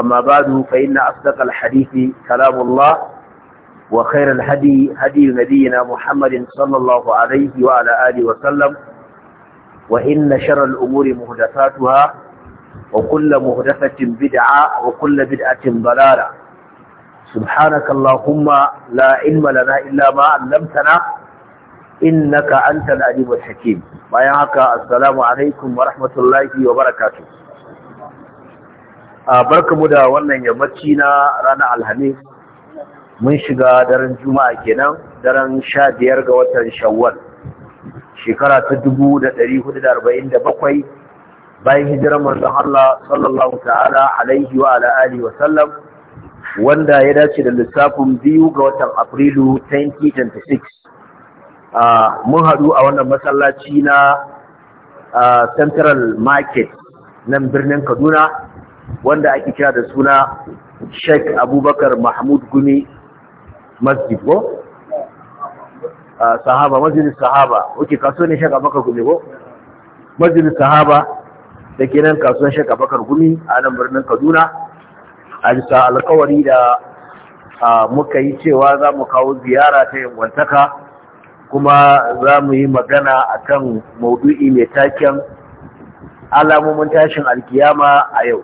أما بعد فإن أصدق الحديث كلام الله وخير الهدي هدي نبينا محمد صلى الله عليه وعلى آله وسلم وإن شر الأمور مهدفاتها وكل مهدفة بدعة وكل بدعة ضلالة سبحانك اللهم لا علم لنا إلا ما علمتنا إنك أنت العليم الحكيم ما يعقى السلام عليكم ورحمة الله وبركاته mu da wannan yammaci na ranar alhamis mun shiga daren juma'a kenan daren sha biyar ga watan shawwal shekara ta dubu da ɗari hudu da arba'in da bakwai bayan hijirar manzon Allah sallallahu ta'ala alaihi wa ala alihi wa sallam wanda ya dace da lissafin biyu ga watan afrilu 2026 mun haɗu a wannan masallaci na central market nan birnin kaduna wanda ake kira da suna Sheikh Abubakar Mahmud Gumi Masjid ko ah, sahaba masjidin sahaba oke kaso ne Sheikh Abubakar Gumi ko masjidin sahaba da ke nan kasuwan Sheikh Abubakar Gumi a nan birnin Kaduna a bisa alkawari da ah, muka yi cewa za mu kawo ziyara ta yawantaka kuma za mu yi magana kan maudu'i mai taken alamomin tashin alkiyama a yau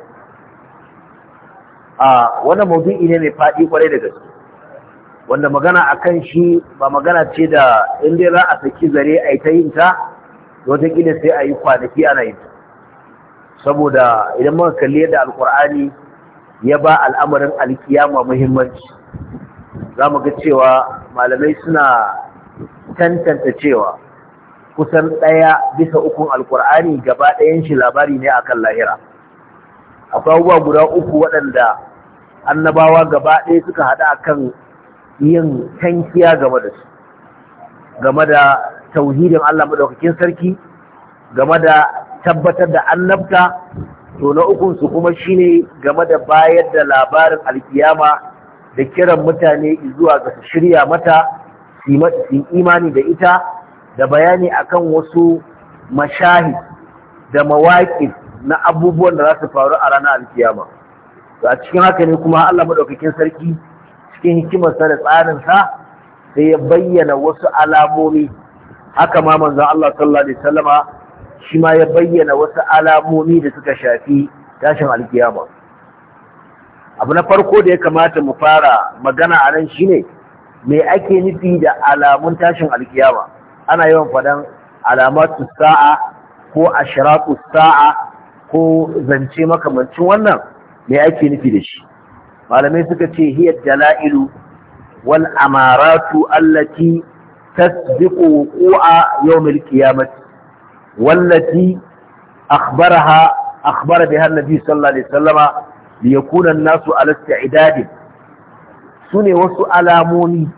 a wannan maudu'i ne mai faɗi kwarai da gaske wanda magana akan shi ba magana ce da in dai za a saki zare a yi ta yin ta wataƙila sai a yi kwanaki ana yin saboda idan muka kalli yadda alkur'ani ya ba al'amarin alkiyama muhimmanci za mu ga cewa malamai suna tantance cewa kusan ɗaya bisa ukun alkur'ani gaba ɗayan shi labari ne akan lahira akwai abubuwa guda uku waɗanda annabawa gaba ɗaya suka haɗa kan yin tankiya game da su game da tauhidin Allah maɗaukakin sarki game da tabbatar da annabta to na ukunsu su kuma shine game da bayar da labarin alkiyama da kiran mutane zuwa ga shirya mata sin imani da ita da bayani akan wasu mashahid da mawaƙi na abubuwan da za su faru a ranar alkiyama to a cikin haka ne kuma Allah madaukakin sarki cikin hikimarsa da tsarinsa sai ya bayyana wasu alamomi haka ma manzon Allah sallallahu alaihi wasallama shi ma ya bayyana wasu alamomi da suka shafi tashin alkiyama abu na farko da ya kamata mu fara magana a nan shine me ake nufi da alamun tashin alkiyama ana yawan fadan alamatu sa'a ko ashratu sa'a ko zance makamancin wannan me ake nufi da shi malamai suka ce hiya dala'ilu wal amaratu allati tasbiqu wuqu'a yawm al-qiyamah wallati akhbaraha akhbara biha an-nabi sallallahu alaihi wasallama an-nasu ala isti'dad sune wasu alamomi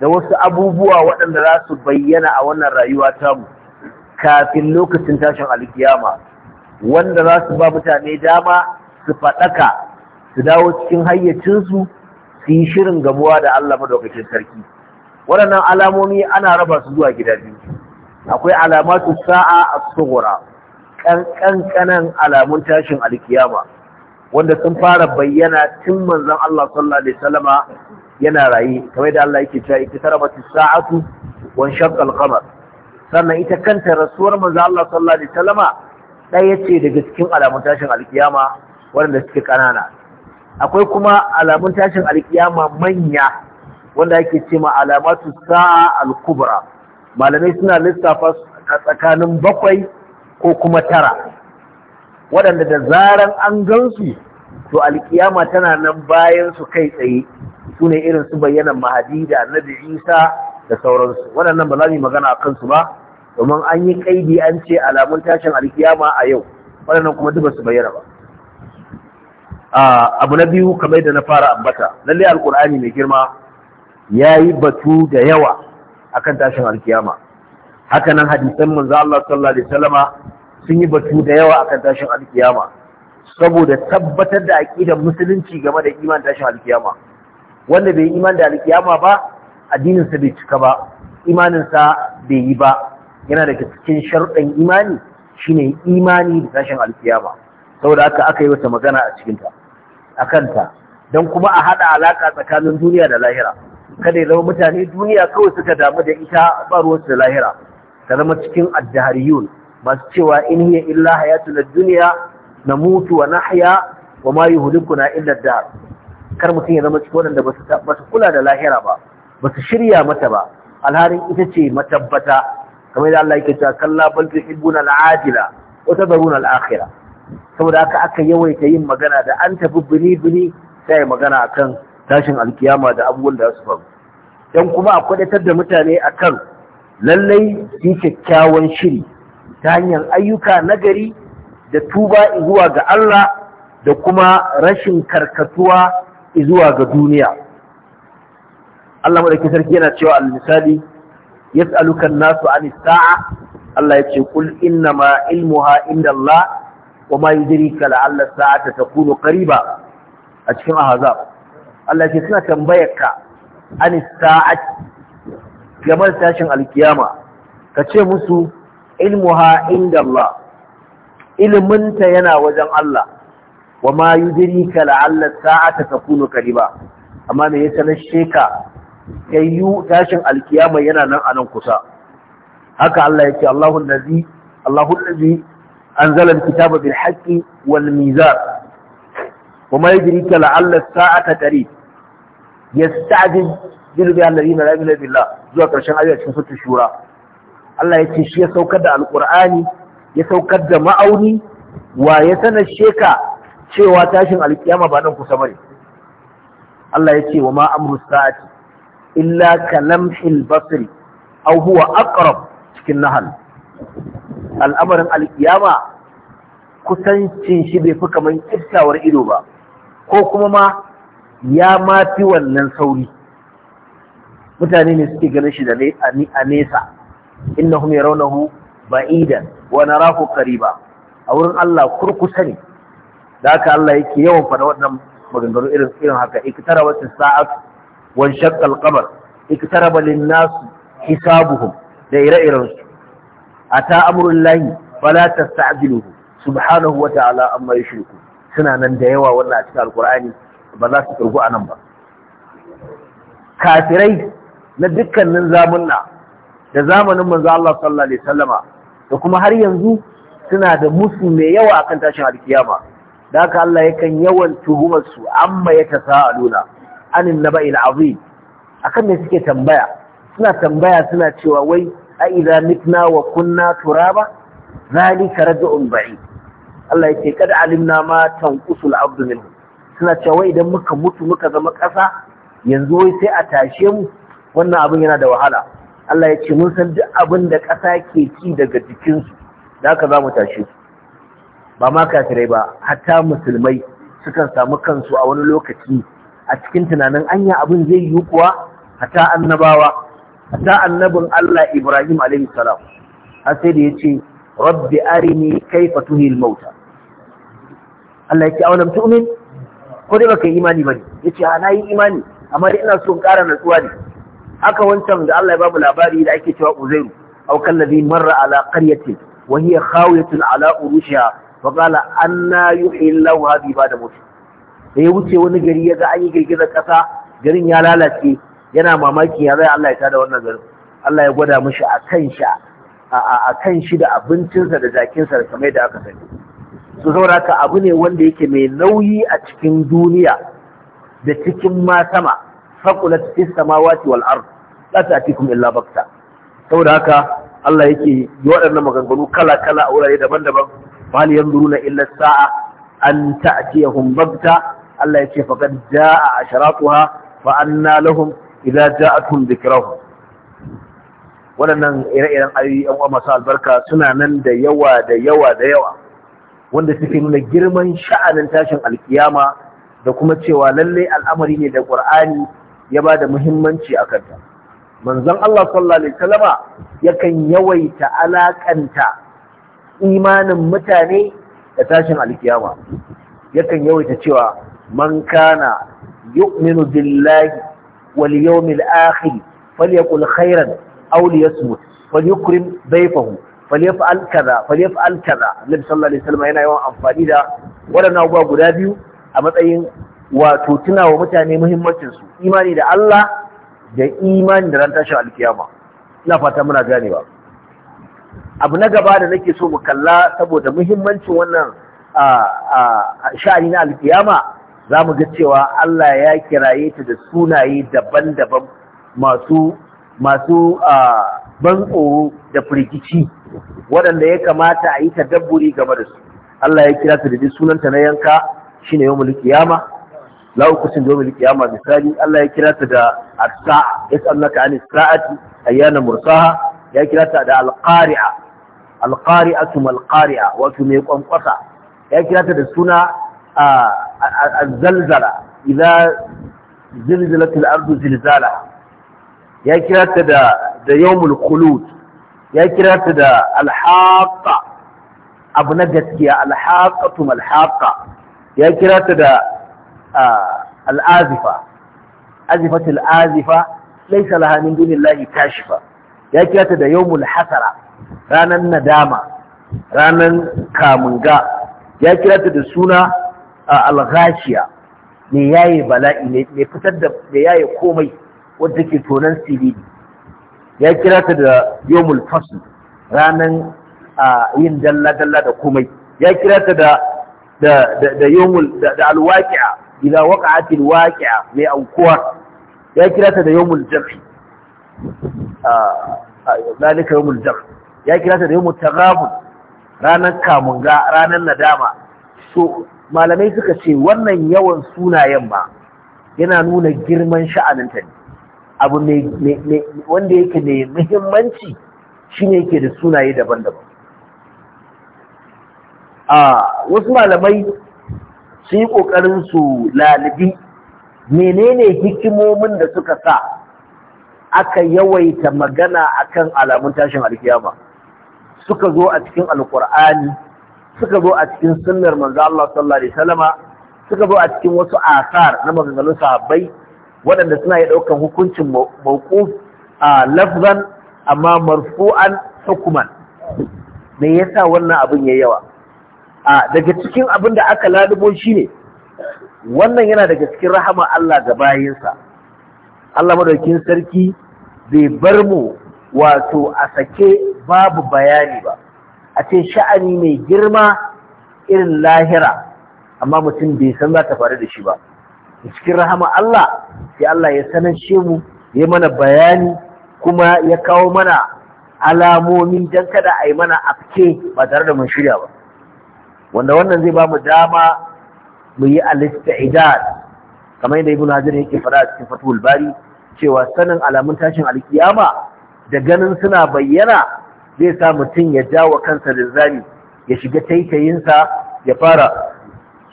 da wasu abubuwa waɗanda za su bayyana a wannan rayuwa tamu kafin lokacin tashin alkiyama wanda za su ba mutane dama su faɗaka su dawo cikin hayyacinsu su yi shirin gamuwa da Allah madaukakin sarki waɗannan alamomi ana raba su zuwa gida biyu akwai alamatu sa'a a sughra ƙanƙanƙanan alamun tashin alkiyama wanda sun fara bayyana tun manzon Allah sallallahu alaihi yana rayi kamar da Allah yake cewa sa'atu wa sannan ita kanta rasuwar manzon Allah sallallahu alaihi wasallama ɗaya ce daga cikin alamun tashin alkiyama waɗanda suke ƙanana akwai kuma alamun tashin alƙiyama manya wanda ake ce ma alamatu sa'a al malamai suna lissafa a tsakanin bakwai ko kuma tara waɗanda da zaran an gansu to alƙiyama tana nan bayan su kai tsaye su ne irin su bayyana mahadi da annabi isa da sauransu waɗannan ba za mu yi magana a kansu ba domin an yi kaidi an ce alamun tashin alƙiyama a yau waɗannan kuma duk ba su bayyana ba abu na biyu kamar da na fara ambata lallai alkur'ani mai girma ya yi batu da yawa akan tashin alkiyama hakanan hadisan manzo Allah sallallahu alaihi wasallama sun yi batu da yawa akan tashin alkiyama saboda tabbatar da aqidar musulunci game da iman tashin alkiyama wanda bai iman da alkiyama ba addinin sa bai cika ba imanin sa bai yi ba yana daga cikin sharuɗan imani shine imani da tashin alkiyama saboda haka aka yi wata magana a cikin ta a kanta don kuma a haɗa alaƙa tsakanin duniya da lahira kada ya zama mutane duniya kawai suka damu da ita ba ruwansu da lahira ta zama cikin addahariyun masu cewa in hiya illa hayatu na duniya na mutu wa nahya wa ma na illa dar kar mutum ya zama cikin waɗanda ba su kula da lahira ba ba su shirya mata ba alharin ita ce matabbata kamar yadda Allah yake cewa kalla bal tuhibbuna al-ajila wa tadharuna al-akhirah saboda haka aka yawaita yin magana da an tafi bini-bini sai magana akan tashin alkiyama da abubuwan da su faru Don kuma a kwadatar da mutane akan lallai yi kyakkyawan shiri ta hanyar ayyuka nagari da tuba zuwa ga Allah da kuma rashin karkatuwa zuwa ga duniya Allah madaki sarki yana cewa al-misali yas'aluka an-nasu an sa'a Allah ya ce kul innama ilmuha inda Allah wa ma yudrika la'alla sa'ata takunu qariba a cikin ahzab Allah ke suna tambayarka an sa'ati game tashin alkiyama ka ce musu ilmuha inda Allah iliminta yana wajen Allah wa ma yudrika la'alla sa'ata takunu qariba amma me ya sanar sheka kayyu tashin alkiyama yana nan anan kusa haka Allah yake Allahu allazi Allahu allazi أنزل الكتاب بالحق والميزان وما يدريك لعل الساعة قريب يستعجل jiru biya allari na rabi billah zuwa ƙarshen ayyar cikin sutu shura Allah ya ce shi ya saukar da alƙur'ani ya saukar da ma'auni wa ya sanar sheka cewa tashin alƙiyama ba nan kusa bane Allah ya ce wa ma amru sa'ati illa kalamhil basri aw huwa aqrab cikin nahal al'amarin alkiyama kusancin shi bai fi kamar kiftawar ido ba ko kuma ma ya mafi wannan sauri mutane ne suke ganin shi da a nesa innahum yarawnahu ba'idan wa narahu ba. a wurin Allah kurkusa ne da haka Allah yake yawan faɗa waɗannan maganganu irin irin haka iktaraba sa'at wa shaqqa al-qamar iktaraba lin-nas hisabuhum da ire-iren su ata amrullahi fala tasta'jiluhu subhanahu wa ta'ala amma yushriku suna nan da yawa wannan a cikin alkur'ani ba za su turgu nan ba kafirai na dukkanin zamunna da zamanin manzo Allah sallallahu alaihi wasallama da kuma har yanzu suna da musu mai yawa akan tashin alkiyama da haka Allah yakan yawan tuhumar su amma ya tasaaluna anin naba'il azim akan me suke tambaya suna tambaya suna cewa wai a idza mitna wa kunna turaba zalika rad'un ba'id Allah yake kada alimna ma tanqusul abdu minhu suna cewa idan muka mutu muka zama ƙasa yanzu wai sai a tashe mu wannan abin yana da wahala Allah ya ce mun san duk abin da ƙasa ke ci daga jikinsu da haka za mu tashe su ba ma kafirai ba hatta musulmai sukan samu kansu a wani lokaci a cikin tunanin anya abin zai yi kuwa hatta annabawa ta annabin Allah Ibrahim alaihi salam sai da yace rabbi arini kaifa tuhil mauta Allah yake awalam tu'min ko dai baka imani bane yace a ah, nayi imani amma dai ina so in ƙara natsuwa ne haka wancan da Allah ya babu labari da ake cewa Uzairu aw kallazi marra ala qaryatin wa hiya khawiyatun ala urushiha wa qala anna yuhillahu hadhi ba'da mut da ya wuce wani gari ya ga an yi girgizar ƙasa garin ya lalace yana mamaki ya zai Allah ya tada wannan garin Allah ya gwada mashi a kan shi a kan shi da abincinsa da jakinsa da kamar da aka sani su saboda haka abu ne wanda yake mai nauyi a cikin duniya da cikin ma sama faqulat fis samawati wal ard la ta'tikum illa bakta saboda haka Allah yake yi waɗannan maganganu kala kala a wurare daban-daban wal yanzuruna illa sa'a an ta'tiyahum bakta Allah yake faqad jaa asharatuha fa anna lahum idza ja'atuhum dhikrahum waɗannan ire-iren ayoyi an uwa masu albarka suna nan da yawa da yawa da yawa wanda suke nuna girman sha'anin tashin alkiyama da kuma cewa lallai al'amari ne da ƙur'ani ya ba da muhimmanci a kanta manzon Allah sallallahu yakan yawaita alakanta imanin mutane da tashin alkiyama yakan yawaita cewa man kana yu'minu billahi wal yawmil akhir falyakul khairan aw liyasmut falyukrim dayfahu falyaf'al kaza falyaf'al kaza nabi sallallahu alaihi wasallam yana yawan amfani da waɗannan abubuwa guda biyu a matsayin wato tunawa wa mutane muhimmancinsu imani da Allah da imani da ran tashin alkiyama ina fata muna ganewa abu na gaba da nake so mu kalla saboda muhimmancin wannan sha'ani na alkiyama za mu ga cewa Allah ya kiraye ta da sunaye daban-daban masu masu ban tsoro da firgici waɗanda ya kamata a yi tadabburi game da su Allah ya kira ta da sunanta na yanka shine yawmul qiyama la uqsimu yawmul qiyama misali Allah ya kira ta da as-sa'a yas'alunaka 'anis sa'ati ayyana mursaha ya kira ta da al-qari'a al-qari'atu mal wato mai kwankwasa ya kira ta da suna الزلزلة إذا زلزلت الأرض زلزالها يا كرات دا, دا يوم الخلود يا كرات دا الحاقة أبنجت يا الحاقة الحاقة يا كرات دا آه الآزفة أزفة الآزفة ليس لها من دون الله كاشفة يا كرات دا يوم الحسرة رانا الندامة رانا كامنجا يا كرات دا سنة al-ghashiya mai yayi bala'i ne mai fitar da mai yayi komai wanda ke tonan sirri ya kira ta da yawmul fasl ranan yin dalla dalla da komai ya kira ta da da da yawmul da al-waqi'a idza waqa'atil waqi'a mai aukuwa ya kira ta da yawmul jam'i a zalika yawmul jam'i ya kira ta da yawmul taghabun ranan kamunga ranan nadama so malamai suka ce wannan yawan sunayen ba yana nuna girman sha'aninta ne abu wanda yake mai muhimmanci shine yake da sunaye daban-daban a wasu malamai sun yi ƙoƙarin su lalibi menene hikimomin da suka sa aka yawaita magana akan alamun tashin alkiyama suka zo a cikin alkur'ani suka zo a cikin sunnar manzo Allah sallallahu alaihi wasallama suka zo a cikin wasu asar na maganganun sahabbai waɗanda suna yi ɗaukan hukuncin mawquf a lafzan amma marfu'an hukuman me yasa wannan abin yayi yawa a daga cikin abin da aka lalubo shine wannan yana daga cikin rahama Allah ga bayinsa Allah madaukin sarki bai bar mu wato a sake babu bayani ba a ce sha'ani mai girma irin lahira amma mutum bai san za ta faru da shi ba cikin rahama Allah sai Allah ya shi mu ya mana bayani kuma ya kawo mana alamomi don kada a yi mana afke ba tare da mun shirya ba wanda wannan zai ba mu dama mu yi alista istidad kamar yadda ibn hajar yake fara a cikin fatul bari cewa sanin alamun tashin alkiyama da ganin suna bayyana zai sa mutum ya jawo kansa linzami ya shiga taikayinsa ya fara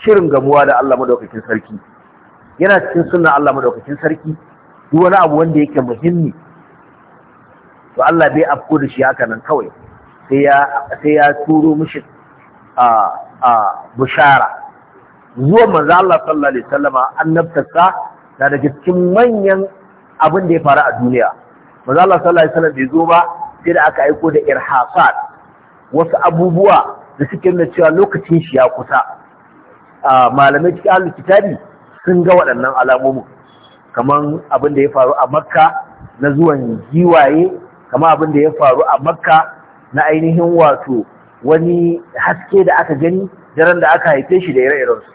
shirin gamuwa da Allah madaukakin sarki yana cikin sunan Allah madaukakin sarki duk wani abu wanda yake muhimmi to Allah bai afko da shi haka nan kawai sai ya sai ya turo mishi a a bushara zuwa manzo Allah sallallahu alaihi wasallama annabtarsa da daga cikin manyan abin da ya faru a duniya manzo Allah sallallahu alaihi wasallam bai zo ba sai da aka aiko da irhasat wasu abubuwa da suke nuna cewa lokacin shi ya kusa malamai cikin ahlul kitabi sun ga waɗannan alamomin kamar abin da ya faru a makka na zuwan giwaye kamar abin da ya faru a makka na ainihin wato wani haske da aka gani daren da aka haife shi da ire-irensu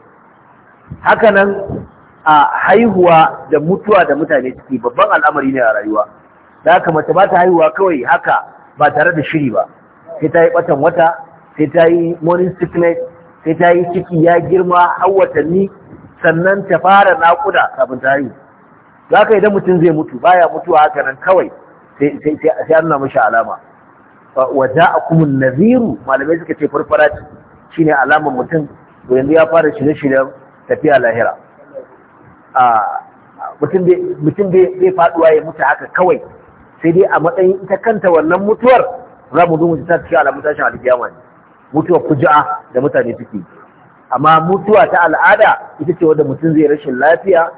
nan, a haihuwa da mutuwa da mutane suke babban al'amari ne a rayuwa da aka mace ba ta haihuwa kawai haka ba tare da shiri ba sai ta yi batan wata sai ta yi morning sickness sai ta yi ciki ya girma har watanni sannan ta fara naƙuda kafin ta haihu za haka idan mutum zai mutu baya mutuwa haka nan kawai sai an na mashi alama wa kuma naziru malamai suka ce farfara ne alamar mutum yanzu ya fara shirye-shiryen tafiya lahira mutum bai faduwa ya mutu haka kawai sai dai a matsayin ita kanta wannan mutuwar za mu zo mu ji ta cikin alamun tashin alkiyama ne mutuwar kuja'a da mutane suke amma mutuwa ta al'ada ita ce wanda mutum zai rashin lafiya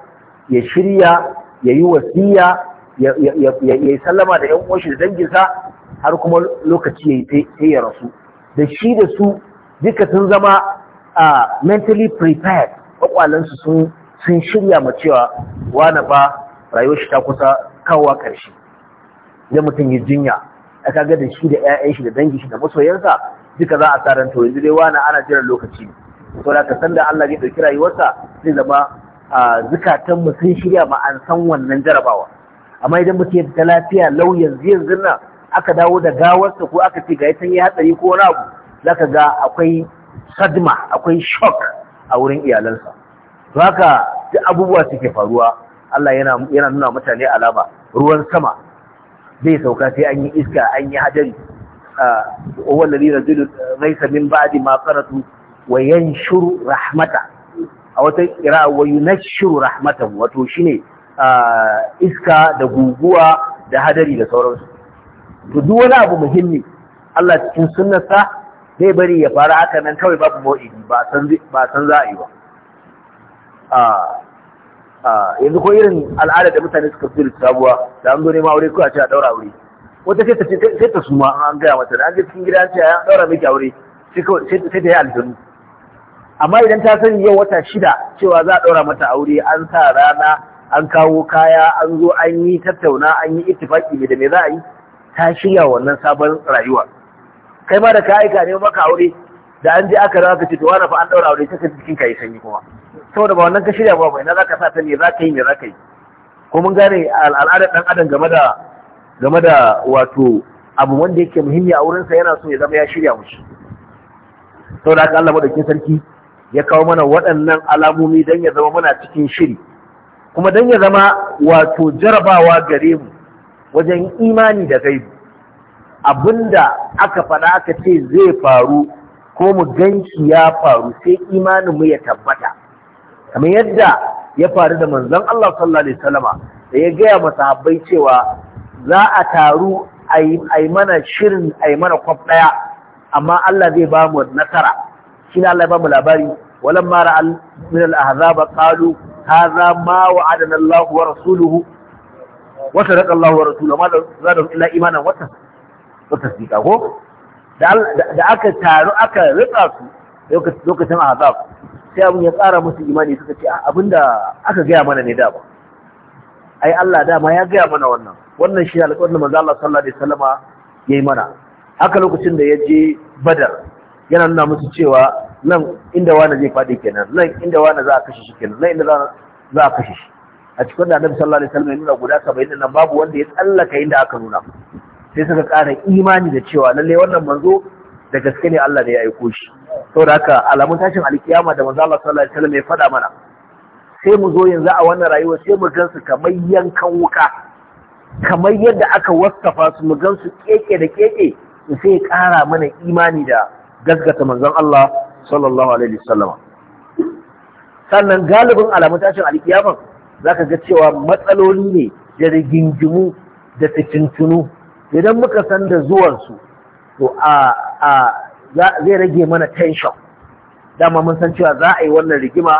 ya shirya ya yi wasiya ya yi sallama da yan uwanshi da danginsa har kuma lokaci ya sai ya rasu da shi da su duka sun zama mentally prepared kwakwalansu sun shirya ma cewa wani ba rayuwar shi ta kusa kawowa ƙarshe idan mutum yi jinya a kaga da shi da 'ya'yan shi da dangi shi da masoyansa duka za a tsaran to yanzu dai wani ana jiran lokaci to da ka san da Allah zai dauki rayuwarsa zai zama zukatan mu sun shirya ma an san wannan jarabawa amma idan mutum ya da lafiya lau yanzu yanzu nan aka dawo da gawarsa ko aka ce ga yasan ya hatsari ko wani abu za ka ga akwai sadma akwai shock a wurin iyalansa to haka duk abubuwa suke faruwa Allah yana nuna mutane alama ruwan sama Zai sauka sai an yi iska an yi hadari wal ladhi zai laysa min ba'di ma qaratu wa shuru rahmata a wata kira wa shuru rahmata wato shine iska da guguwa da hadari da sauransu to duk wani abu muhimmi Allah cikin sunnarsa zai bari ya fara haka nan kawai babu ba san za a yi ba yanzu ko irin al'ada da mutane suka fi sabuwa da an zo ma aure ko a ce a daura aure wata sai ta ce sai ta suma an gaya mata an je cikin gida an ce a daura miki aure sai ta yi aljanu amma idan ta sani yau wata shida cewa za a daura mata aure an sa rana an kawo kaya an zo an yi tattauna an yi ittifaki ne da me za a yi ta shirya wannan sabon rayuwa kai ma da ka aika ne maka aure da an je aka rawa ka ce to wani fa an daura aure ta cikin ka yi sanyi kuma saboda ba wannan ka shirya ba bai na zaka sa ta me zaka yi me zaka yi ko mun gane al'adar dan adam game da wato abu wanda yake muhimmi a wurinsa yana so ya zama ya shirya mushi saboda haka Allah madaukin sarki ya kawo mana waɗannan alamomi don ya zama muna cikin shiri kuma don ya zama wato jarabawa gare mu wajen imani da gaibu abinda aka faɗa aka ce zai faru ko mu ganci ya faru sai imanin mu ya tabbata kamar yadda ya faru da manzon Allah sallallahu alaihi wasallama da ya gaya masahabbai cewa za a taru ai mana shirin ai mana kwaf daya amma Allah zai ba mu nasara shi ne Allah ya ba mu labari walamma ra'al min al-ahzab qalu hadha ma wa'adana Allah wa rasuluhu wa sadaqa Allah wa rasuluhu ma zada illa imanan wa tasdiqa ko da aka taru aka rika su lokacin ahzab sai abin ya tsara musu imani suka ce abinda aka gaya mana ne dama ai Allah dama ya gaya mana wannan wannan shi alƙawarin manzo Allah sallallahu alaihi wasallama yayi mana haka lokacin da ya je Badar yana nuna musu cewa nan inda wani zai fadi kenan nan inda wani za a kashe shi kenan nan inda za a kashe shi a cikin da annabi sallallahu alaihi wasallam ya nuna guda 70 nan babu wanda ya tsallaka inda aka nuna sai suka ƙara imani da cewa lalle wannan manzo da gaske ne Allah ne ya aiko shi da haka alamun tashin alkiyama da manzo Allah sallallahu alaihi wasallam ya faɗa mana sai mu zo yanzu a wannan rayuwa sai mu gansu kamar yankan wuka kamar yadda aka wasafa su mu gansu keke da keke sai ya ƙara mana imani da gaskata manzon Allah sallallahu alaihi wasallam sannan galibin alamun tashin alkiyama zaka ga cewa matsaloli ne da rigingimu da fitintunu idan muka san da zuwansu to a zai rage mana tension dama mun san cewa za a yi wannan rigima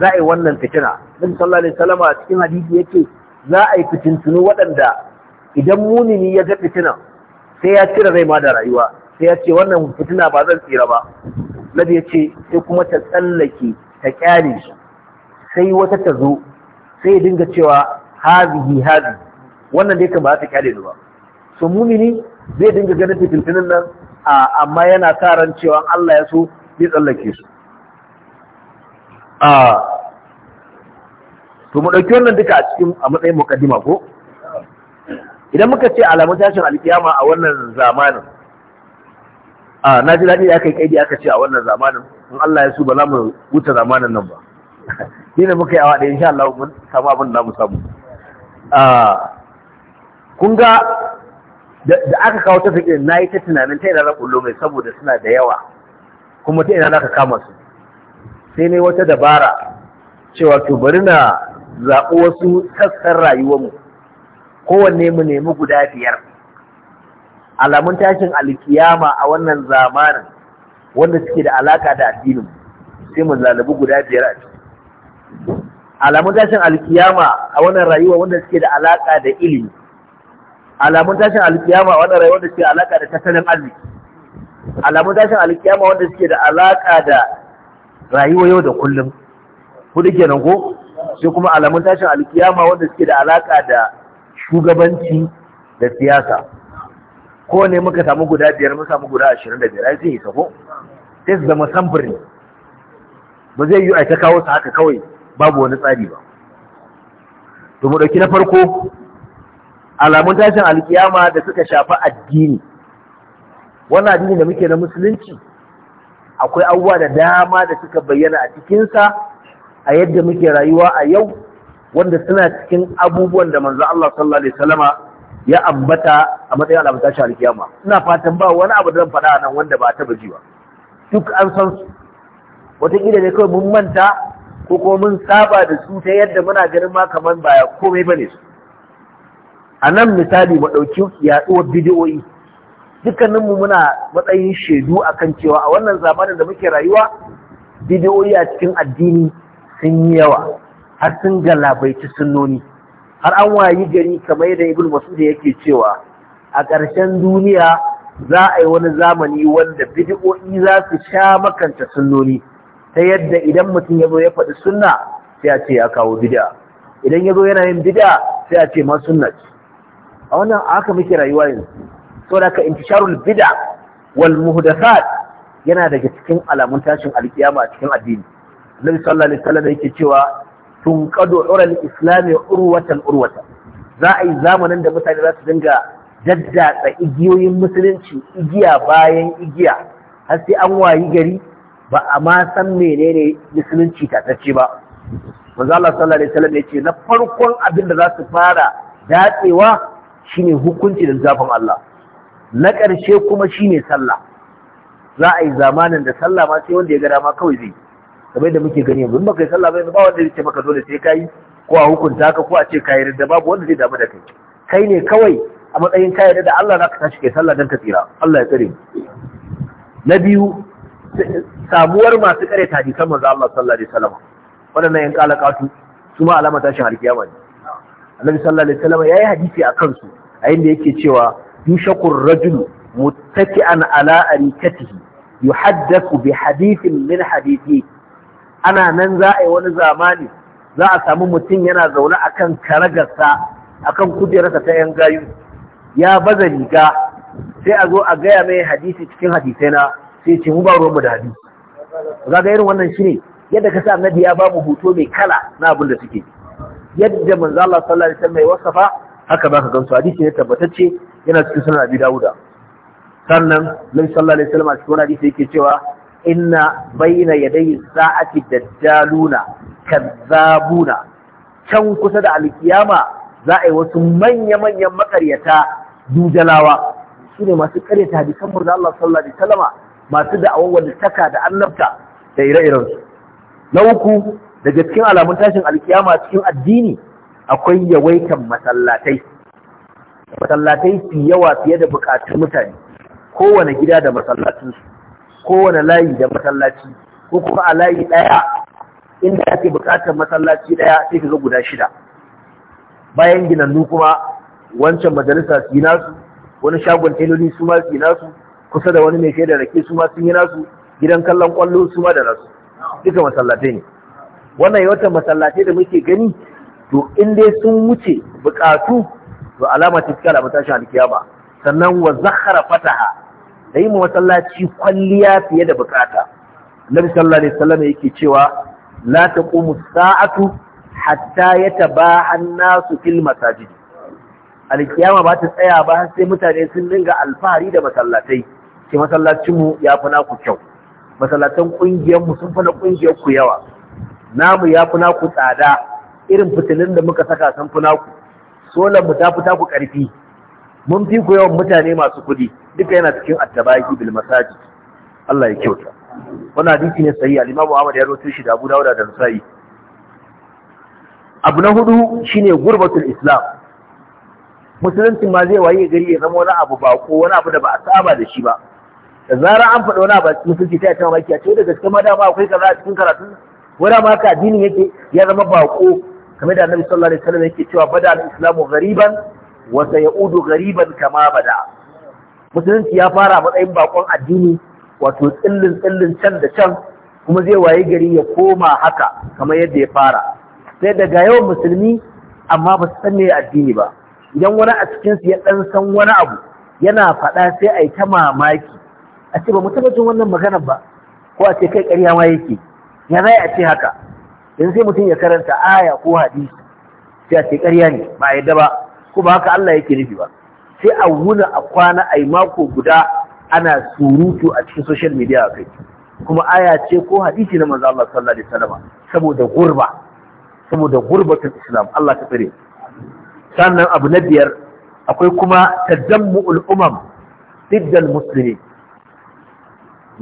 za a yi wannan fitina nabi sallallahu alaihi wasallam a cikin hadisi yake za a yi fitintunu waɗanda idan munini ya ga fitina sai ya cire rai ma da rayuwa sai ya ce wannan fitina ba zan tsira ba nabi ya ce sai kuma ta tsallake ta kyale shi sai wata ta zo sai ya dinga cewa hazihi hazi wannan dai kan ba ta kyale ni ba so munini zai dinga ganin fitintunan nan amma yana sa ran cewa Allah ya so zai tsallake su to mu ɗauki wannan duka a cikin a matsayin mukaddima ko idan muka ce alamun tashin alkiyama a wannan zamanin a na ji daɗi aka yi kaidi aka ce a wannan zamanin in Allah ya so ba za mu wuce zamanin nan ba ni ne muka yi awa ɗaya insha Allah mun samu abin da mu samu kun ga da aka kawo ta fiƙin na yi ta tunanin ta ina za kullo mai saboda suna da yawa kuma ta ina za ka kama su sai ne wata dabara cewa to bari na zaɓi wasu sassan rayuwarmu kowanne mu nemi guda biyar alamun tashin alkiyama a wannan zamanin wanda suke da alaka da addinin sai mu lalabi guda biyar a ciki alamun tashin alkiyama a wannan rayuwa wanda suke da alaka da ilimi alamun tashin alkiyama wanda rayuwar da suke alaka da tattalin arziki alamun tashin alkiyama wanda suke da alaka da rayuwa yau da kullum hudu kenan ko sai kuma alamun tashin alkiyama wanda suke da alaka da shugabanci da siyasa ko ne muka samu guda biyar mun samu guda ashirin da biyar ai sai isa ko sai su zama samfuri ba zai yi a ta kawo su haka kawai babu wani tsari ba to mu ɗauki na farko alamun tashin alkiyama da suka shafi addini wannan addini da muke na musulunci akwai abubuwa da dama da suka bayyana a cikinsa a yadda muke rayuwa a yau wanda suna cikin abubuwan da manzo Allah sallallahu alaihi wasallama ya ambata a matsayin alamun tashin alkiyama ina fatan ba wani abu da zan faɗa nan wanda ba ta baji ba duk an san su wataƙila ne kawai mun manta ko kuma mun saba da su ta yadda muna ganin ma kamar ba komai bane su a nan misali maɗauki yaɗuwar bidiyoyi dukkaninmu muna matsayin shaidu a kan cewa a wannan zamanin da muke rayuwa bidiyoyi a cikin addini sun yi yawa har sun galabaici sunnoni har an wayi gari kamar yadda ibn masud yake cewa a ƙarshen duniya za a yi wani zamani wanda bidiyoyi za su sha makanta sunnoni ta yadda idan mutum ya zo ya faɗi sunna sai a ce ya kawo bid'a idan ya zo yana yin bid'a sai a ce ma sunna ce a wannan haka muke rayuwa yanzu saboda ka intisharul bid'a wal muhdathat yana daga cikin alamun tashin alkiyama a cikin addini Annabi sallallahu alaihi wasallam yake cewa tunqadu ural islami urwatan urwatan za a yi zamanin da mutane za su dinga daddatsa igiyoyin musulunci igiya bayan igiya har sai an wayi gari ba a ma san menene musulunci tatacce ba manzo Allah sallallahu alaihi wasallam yace na farkon abin da za su fara datsewa shine hukunci da zafin Allah na ƙarshe kuma shine sallah za a yi zamanin da sallah ma sai wanda ya ga ma kawai zai kamar da muke gani yanzu in baka yi sallah ba yanzu ba wanda yake maka dole sai kai ko a hukunta ka ko a ce kai da babu wanda zai damu da kai kai ne kawai a matsayin kai da Allah zaka tashi kai sallah dan ka tsira Allah ya tsare na biyu samuwar masu kare hadisan manzo Allah sallallahu alaihi wasallam wadannan yan ƙalaƙatu, su ma alama tashin alkiyama ne annabi sallallahu alaihi wasallam yayi hadisi a kansu a inda yake cewa yushakur rajul muttaki'an ala arikatihi yuhaddathu bi hadithin min hadithi ana nan za a yi wani zamani za a samu mutum yana zaune akan karagarsa akan kujerarsa ta yan gayu ya baza riga sai a zo a gaya mai hadisi cikin hadisai na sai ce mu ba ruwanmu da hadisi ga irin wannan shine yadda ka sa annabi ya ba mu hoto mai kala na abin da suke yi yadda manzo Allah sallallahu alaihi wasallam ya wasafa haka baka gamsu hadisi ne tabbatacce yana cikin sunan Abi Dawuda sannan nabi sallallahu alaihi wasallam a cikin hadisi yake cewa inna bayna yadayi sa'ati dajjaluna kazzabuna can kusa da alkiyama za a yi wasu manya-manyan makaryata dujalawa su ne masu karyata hadisan murna Allah sallallahu alaihi wasallama masu da'awar wadda taka da annabta da ire-irensu na uku daga cikin alamun tashin alkiyama cikin addini akwai yawaitan masallatai masallatai fi yawa fiye da bukatun mutane kowane gida da masallacinsu kowane layi da masallaci ko kuma a layi ɗaya inda ake bukatar masallaci ɗaya sai ka ga guda shida bayan ginannu kuma wancan majalisa su yi nasu wani shagon teloli su ma su yi nasu kusa da wani mai shaidar rake su ma sun yi nasu gidan kallon kwallo su ma da nasu duka masallatai ne wannan yawancin masallatai da muke gani to in dai sun wuce bukatu to alama ta cikin alamata shi alkiyama sannan wa zakhara fataha da yi masallaci kwalliya fiye da bukata Nabi sallallahu alaihi wasallam yake cewa la taqumu sa'atu hatta yatabaha an-nasu fil masajid alkiyama ba ta tsaya ba sai mutane sun dinga alfahari da masallatai ke masallacin mu ya fi naku kyau masallatan kungiyar mu sun fi na kungiyar ku yawa namu ya fi naku tsada irin fitilun da muka saka san fi naku solar mu ta fi taku ƙarfi mun fi ku yawan mutane masu kuɗi duka yana cikin attabaki bil masaji Allah ya kyauta wannan hadisi ne sahihi al-Imam Ahmad ya rawaito shi da Abu Dawud da Nasa'i abu na hudu shine gurbatul Islam musuluncin ma zai waye gari ya zama wani abu ba ko wani abu da ba a saba da shi ba da zarar an faɗa wani abu musulunci ta yi ta mamaki a ce da gaske ma dama akwai kaza a cikin karatun Wani ma haka addinin yake ya zama bako kamar da annabi sallallahu alaihi wasallam yake cewa bada al-islamu ghariban wa sayaudu ghariban kama bada musulunci ya fara matsayin bakon addini wato tsillin tsillin can da can kuma zai waye gari ya koma haka kamar yadda ya fara sai daga yawan musulmi amma ba su san me addini ba idan wani a cikin su ya dan san wani abu yana faɗa sai a yi ta mamaki a ce ba mu taɓa jin wannan magana ba ko a ce kai ƙarya ma yake ya zai a ce haka in sai mutum ya karanta aya ko hadisi sai a ce ƙarya ne ba a yadda ba ko ba haka Allah yake nufi ba sai a wuna a kwana a mako guda ana surutu a cikin social media a kai kuma aya ce ko hadisi na manzo Allah sallallahu alaihi wasallam saboda gurba saboda gurbatul islam Allah ta tsare sannan abu na biyar akwai kuma tadammu'ul umam diddal muslimin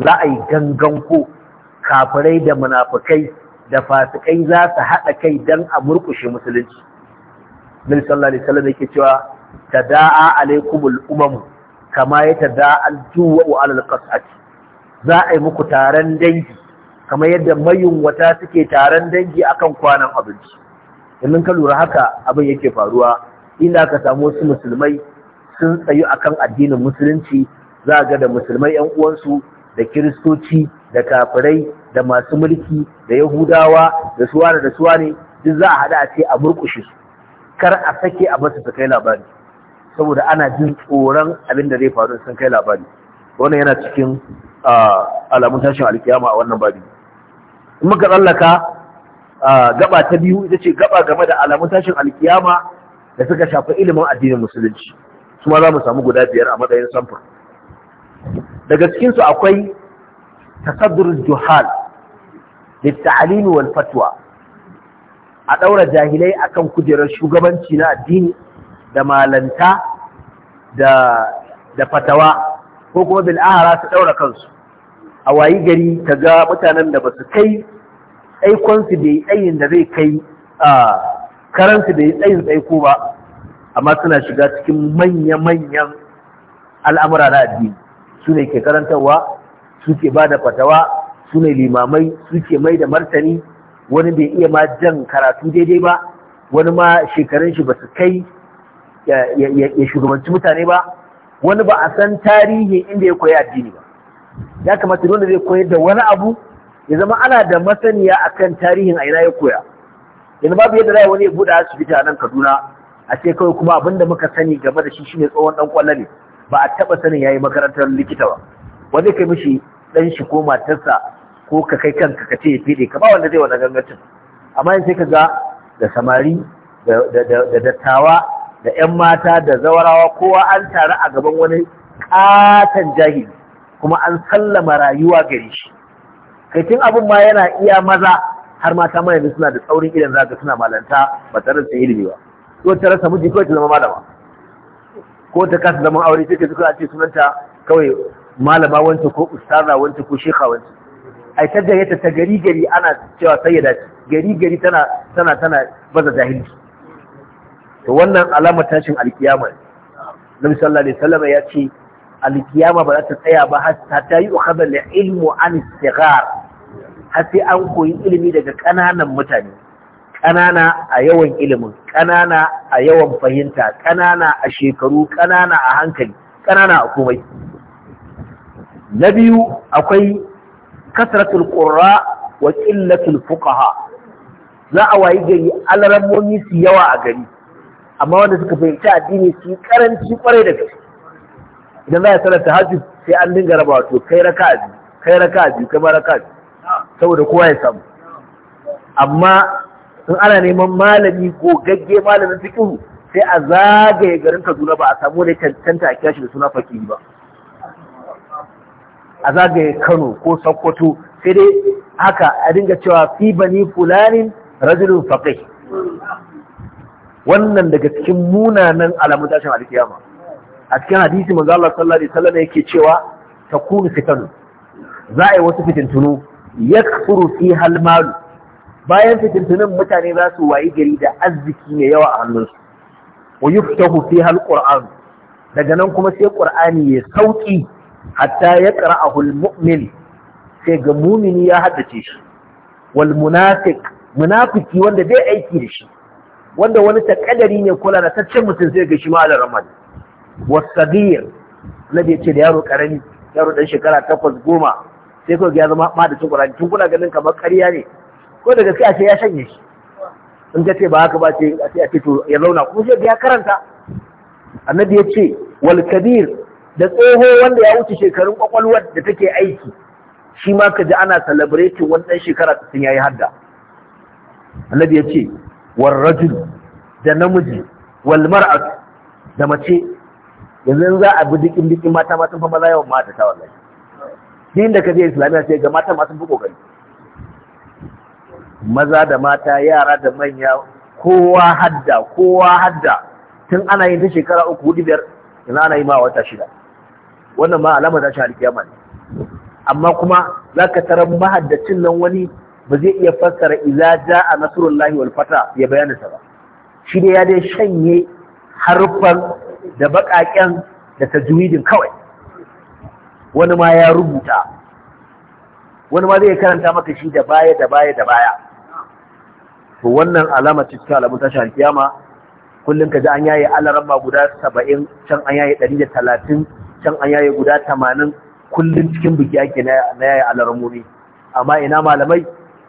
za a yi gangan kafirai da munafukai da fasikai za su haɗa kai don a murkushe musulunci. Nabi sallallahu alaihi wasallam yake cewa ta tada'a alaikumul umam kama ya tada'al juwa alal qas'ati za a yi muku taron dangi kama yadda mayunwata suke taron dangi a kan kwanan abinci. Idan ka lura haka abin yake faruwa inda ka samu wasu musulmai sun tsayu kan addinin musulunci za ga da musulmai 'yan uwansu da kiristoci da kafirai da masu mulki da yahudawa da suwane da suwane duk za a haɗa a ce a murƙushe su kar a sake a basu su kai labari saboda ana jin tsoron abin da zai faru sun kai labari wannan yana cikin alamun tashin alkiyama a wannan babi in muka tsallaka gaba ta biyu ita ce gaba game da alamun tashin alkiyama da suka shafi ilimin addinin musulunci su ma za mu samu guda biyar a matsayin samfur daga cikinsu akwai tasaddur juhal littalimi wal fatwa a ɗaura jahilai akan kujerar shugabanci na addini da malanta da fatawa ko kuma bil'ahara su ɗaura kansu a wayi gari ka ga mutanen da ba su kai aikonsu bai tsayin da zai kai karansu bai tsayin tsaiko ba amma suna shiga cikin manya-manyan al'amura na addini su ne ke karantarwa suke ba da fatawa su ne limamai suke mai da martani wani bai iya ma jan karatu daidai ba wani ma shekarun shi ba su kai ya shugabanci mutane ba wani ba a san tarihi inda ya koyi addini ba ya kamata dole zai koyar da wani abu ya zama ana da masaniya a kan tarihin aina ya koya yanzu babu yadda zai wani ya buɗe asibiti a nan kaduna a ce kawai kuma abin da muka sani game da shi shine tsohon dan kwallo ne ba a taɓa sanin ya yi makarantar likita ba wanda kai mishi dan shi ko matarsa ko ka kai kanka ka ce ya fide ka ba wanda zai wannan gangancin amma in sai ka ga da samari da dattawa da 'yan mata da zawarawa kowa an taru a gaban wani katon jahili kuma an sallama rayuwa gare shi tun abin ma yana iya maza har mata ma yanzu suna da tsaurin idan ka suna malanta ba tare da ilimi ba ko ta rasa miji kawai ta zama malama ko ta kasa zaman aure sai ka suka ce sunanta kawai malama wanta ko ustaza wanta ko shekha wanta ai ta gayyata ta gari gari ana cewa sayyada gari gari tana tana tana baza jahilci to wannan alamar tashin alkiyama Nabi sallallahu alaihi wasallam ya ce alkiyama ba za ta tsaya ba har ta yi ukhadha ilmu an istighar har sai an koyi ilimi daga ƙananan mutane ƙanana a yawan ilimin ƙanana a yawan fahimta ƙanana a shekaru ƙanana a hankali ƙanana a komai na biyu akwai kasratul ƙura wa ƙillatul za a wayi gari alrammomi su yawa a gari amma wanda suka fahimci addini su karanci kwarai da gaske idan za a sanar hajji sai an dinga raba wato kai raka biyu kai raka biyu kai ma raka saboda kowa ya samu amma in ana neman malami ko gagge malamin fikihu sai a zagaye garin Kaduna ba a samu wani cancanta a kyashi da suna fakiri ba a zagaye Kano ko Sokoto sai dai haka a dinga cewa fi bani fulanin rajulun faqih wannan daga cikin munanan alamun tashin alkiyama a cikin hadisi manzo Allah sallallahu alaihi wasallam yake cewa takunu fitanu za a yi wasu fitintunu yakfuru fi halmalu bayan fitintunun mutane za su wayi gari da arziki mai yawa a hannunsu wa yuftahu fi halqur'an daga nan kuma sai qur'ani ya sauki hatta ya qara'ahu mumin sai ga mumini ya haddace shi wal munafik munafiki wanda bai aiki da shi wanda wani takadari ne kula na taccen mutum sai ga shi ma da ramani wasagir na ce da yaro ƙarami, yaro ɗan shekara takwas goma sai kawai ya zama ma da ƙwararri tun kuna ganin kamar ƙarya ne ko da sai a ya shanye shi in ka ce ba haka ba ce a ce ya zauna kuma sai ya karanta annabi ya ce wal kabir da tsoho wanda ya wuce shekarun kwakwalwar da take aiki shi ma ka ji ana celebrating wani ɗan shekara sun yayi hadda annabi ya ce warrajul da namiji wal mar'at da mace yanzu za a bi dikin dikin mata ma sun fa maza yawan mata ta wallahi din da ka je islamiyya sai ga mata ma sun fi kokari maza da mata yara da manya kowa hadda kowa hadda tun ana yin ta shekara uku hudu biyar ina ana yi ma wata shida wannan ma alama ta shahar kiyama ne amma kuma za ka tarar mahaddacin nan wani ba zai iya fassara iza ja a nasarullahi wal fata ya bayana sa ba shi ne ya dai shanye harfan da baƙaƙen da tajwidin kawai wani ma ya rubuta wani ma zai karanta maka shi da baya da baya da baya to wannan alama ce ta alamun tashar kiyama kullum ka ji an yaye alaran guda saba'in can an yaye ɗari da talatin can an yaye guda tamanin kullum cikin biki ake na yaye alarmomi amma ina malamai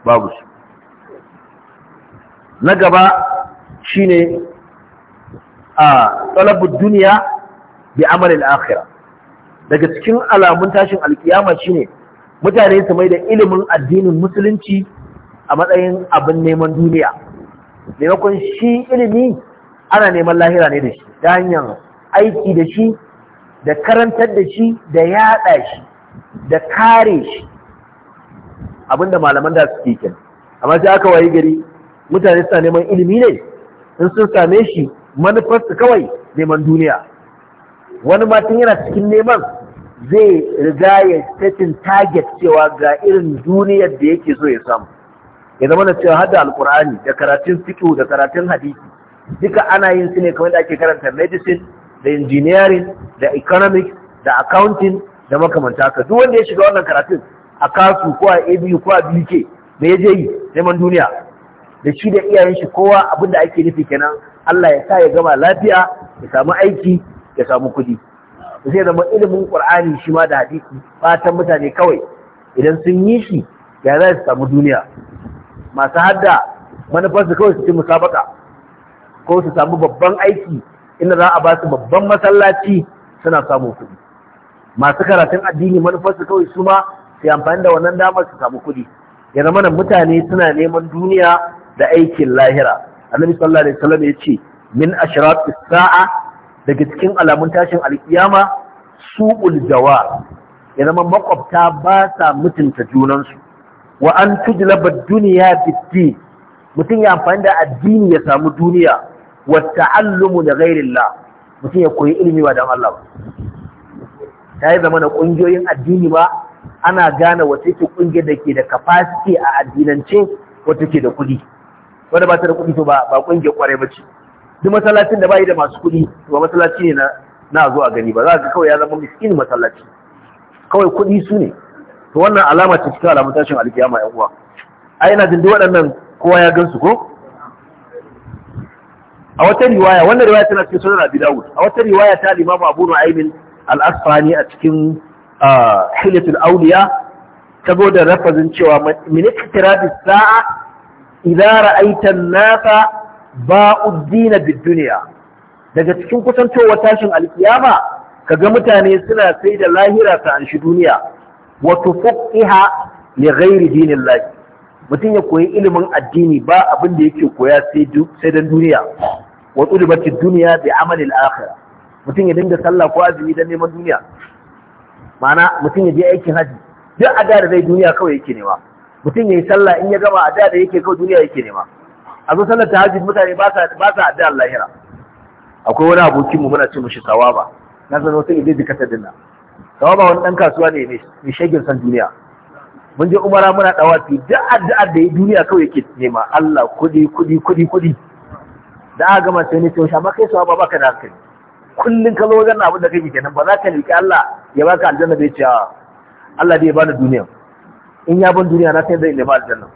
babu su na gaba shi ne a talabud duniya bi amalil akhirah daga cikin alamun tashin alkiyama ne mutane su mai da ilimin addinin musulunci a matsayin abin neman duniya maimakon shi ilimi ana neman lahira ne da shi ta hanyar aiki da shi da karantar da shi da yaɗa shi da kare shi abinda malaman da su kin amma sai aka wayi gari mutane suna neman ilimi ne in sun same shi manufarsu kawai neman duniya wani matan yana cikin neman zai riga ya setting target cewa ga irin duniyar da yake so ya samu ya zama na cewa hada alkur'ani da karatun fiqh da karatun hadisi duka ana yin su ne kamar da ake karanta medicine da engineering da economic da accounting da makamanta haka duk wanda ya shiga wannan karatun a kasu ko a abu ko a bk ya je yi neman duniya da shi da iyayen shi kowa abin da ake nufi kenan Allah ya sa ya gama lafiya ya samu aiki ya samu kuɗi sai zama ilimin qur'ani shi ma da hadisi fatan mutane kawai idan sun yi shi ya za su samu duniya masu hadda manufarsu kawai su ci musabaka ko su samu babban aiki inda za a ba su babban masallaci suna samun kuɗi masu karatun addini manufarsu kawai su ma su amfani da wannan damar su samu kuɗi Yana mana mutane suna neman duniya da aikin lahira annabi sallallahu alaihi wasallam ya ce min ashraq sa'a daga cikin alamun tashin alkiyama su'ul jawar Yana zama makwabta ba sa mutunta junansu wa an tujlaba duniya bitti mutum ya amfani da addini ya samu duniya wa ta'allumu da la, mutum ya koyi ilimi ba don Allah ba ta yi zama na ƙungiyoyin addini ba ana gane wata yake ƙungiyar da ke da capacity a addinance wata ke da kuɗi wanda ba ta da kuɗi to ba ƙungiyar ƙwarai ba ce duk masallacin da ba yi da masu kuɗi ba masallaci ne na zo a gani ba za ka kawai ya zama miskin masallaci kawai kuɗi su ne to wannan alama ce cikin alamun tashin alkiyama yan uwa ai ina jin duk waɗannan kowa ya gansu ko a wata riwaya wannan riwaya tana cikin sunan abi dawud a wata riwaya ta imamu abu nu'aymin al-asfahani a cikin ah, hilatul awliya ta da rafazin cewa min iqtirabis sa'a idza ra'aita an-nasa baud bid-dunya daga cikin kusantowa tashin alkiyama kaga mutane suna sai da lahira ta an shi duniya wa tufuqiha li ghairi dinillahi mutum ya koyi ilimin addini ba abin da yake koya sai dan duniya wa tulibati dunya bi amali al mutum ya dinga sallah ko azumi don neman duniya ma'ana mutum ya je aikin haji duk a da zai duniya kawai yake nema mutum ya yi sallah in ya gama a da yake kawai duniya yake nema a zo sallar tahajjud mutane ba sa ba sa lahira akwai wani abokin mu muna ce mushi sawaba na san wata idai duka ta dinna sawaba wani dan kasuwa ne mai shagin san duniya mun je umara muna dawafi duk addu'a da duniya kawai yake nema Allah kudi kudi kudi kudi da aka gama sai ne to amma kai ba baka da hankali kullun ka zo wajen abin da kake kenan ba za ka liƙi Allah ya baka aljanna bai ce Allah bai bani duniya in ya ban duniya na sai zai ba aljanna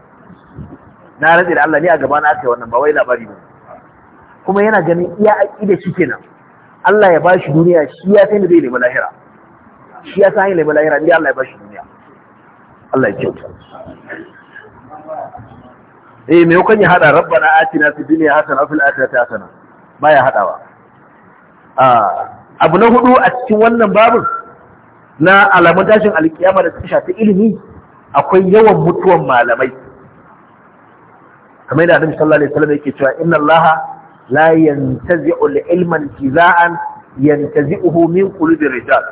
na rage da Allah ne a gaba na aka wannan ba wai labari ba kuma yana ganin iya da shi kenan Allah ya bashi duniya shi ya sai zai nema lahira shi ya sai nema lahira ni Allah ya bashi duniya Allah ya kyauta eh maimakon ya hada rabbana atina fid dunya hasana wa fil akhirati hasana baya hadawa ah, abu na hudu a cikin wannan babin na alamun tashin alkiyama da tsisha ta ilimi akwai yawan mutuwan malamai kamar da annabi sallallahu alaihi wasallam yake cewa inna allaha la yantazi'u al ilman intiza'an yantazi'uhu min qulubi rijal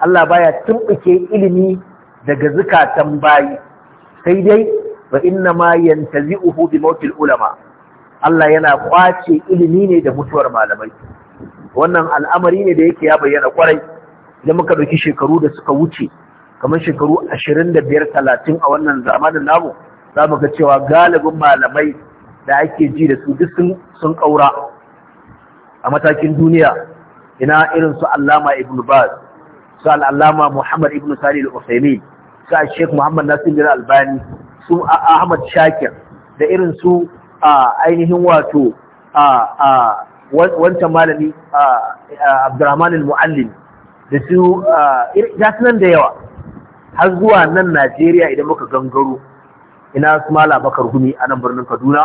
Allah baya tumbuke ilimi daga zukatan bayi sai dai fa inna ma yantazi'uhu bi mautil ulama Allah yana kwace ilimi ne da mutuwar malamai wannan al'amari ne da yake ya bayyana kwarai da muka dauki shekaru da suka wuce kamar shekaru 25 30 a wannan zamanin namu za mu ga cewa galibin malamai da ake ji da su duk sun kaura a matakin duniya ina irin su Allama Ibn Baz su Allama Muhammad Ibn Salih Al-Uthaymeen su Sheikh Muhammad Nasir Al-Albani su Ahmad Shakir da irin su ainihin wato wancan malami Abdurrahman al-Muallim da su nan da yawa har zuwa nan Najeriya idan muka gangaro ina su Malam Bakar Gumi a nan birnin Kaduna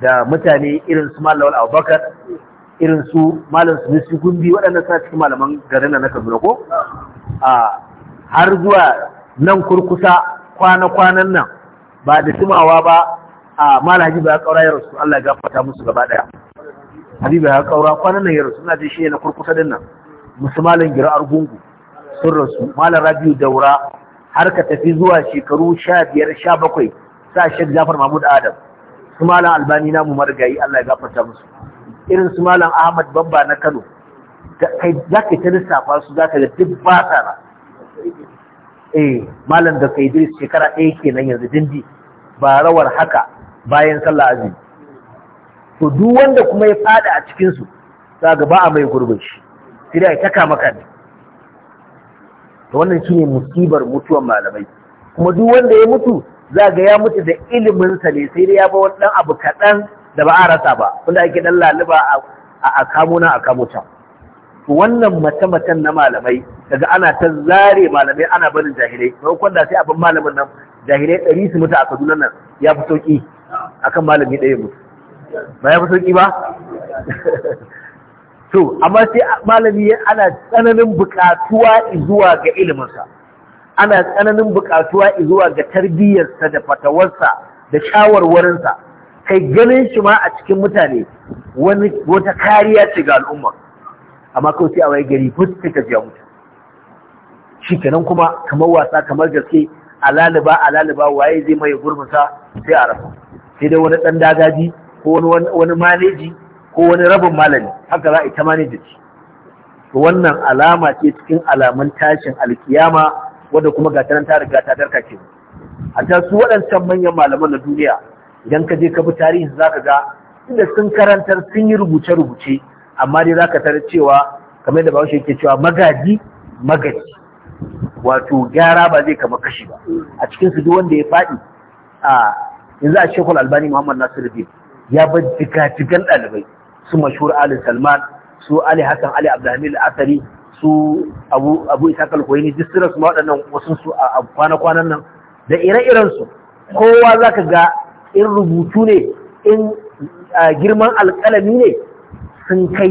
da mutane irin su Malam Abubakar irin su Malam Sunusi Gumbi waɗannan suna cikin malaman garin na Kaduna ko har zuwa nan kurkusa kwana-kwanan nan ba da tumawa ba a mala haji ba ya rasu Allah ya gafata musu gaba daya habibu ya kaura kwanan nan ya rasu na ji shi na kurkusa dinnan nan musulmalin gira argungu sun rasu malam rabiu daura har ka tafi zuwa shekaru sha biyar sha bakwai sa shek jafar mahmud adam su Albani albani mu margayi. Allah ya gafata musu irin su malam ahmad bamba na kano kai za ta lissafa su za ga duk ba eh malam da kai Idris shekara ɗaya kenan yanzu dindi ba rawar haka bayan sallah azumi to duk wanda kuma ya fada a cikin su ga ba a mai gurbin shi sai dai ta kama ne to wannan shine musibar mutuwar malamai kuma duk wanda ya mutu za ga ya mutu da ilimin sa ne sai dai ya ba wani dan abu kaɗan da ba a rasa ba wanda ake dan laluba a kamo na a kamuta. can wannan mace-macen na malamai daga ana ta zare malamai ana barin jahilai maimakon da sai abin malamin nan jahilai ɗari su mutu a kaduna nan ya fi sauƙi a kan malami ɗaya mutu ba ya fi sauƙi ba to amma sai malami ana tsananin buƙatuwa zuwa ga iliminsa ana tsananin buƙatuwa zuwa ga tarbiyyarsa da fatawarsa da shawarwarinsa kai ganin shi ma a cikin mutane wani wata kariya ce ga al'umma amma kawai sai a waye gari fut sai ka ji mutum shi kenan kuma kamar wasa kamar gaske a laliba a laliba waye zai mai gurbin sa sai a rasa sai dai wani dan dagaji ko wani wani maleji ko wani rabin malami haka za a ita maleji ce to wannan alama ce cikin alaman tashin alkiyama wanda kuma ga tanan ta riga ta darka ce a ta su waɗancan manyan malaman na duniya idan ka je ka bi tarihi za ka ga inda sun karantar sun yi rubuce-rubuce amma dai za ka tara cewa kamar yadda bahaushe yake cewa magaji magaji wato gyara ba zai kama kashi ba a cikin su duk wanda ya faɗi a yanzu a shekul albani muhammad nasiruddin ya bar jigajigan ɗalibai su mashur ali salman su ali hassan ali abdulhamid al-asari su abu abu isaac su waɗannan wasu su a kwana-kwanan nan da ire-iren su kowa zaka ga in rubutu ne in girman alƙalami ne sun kai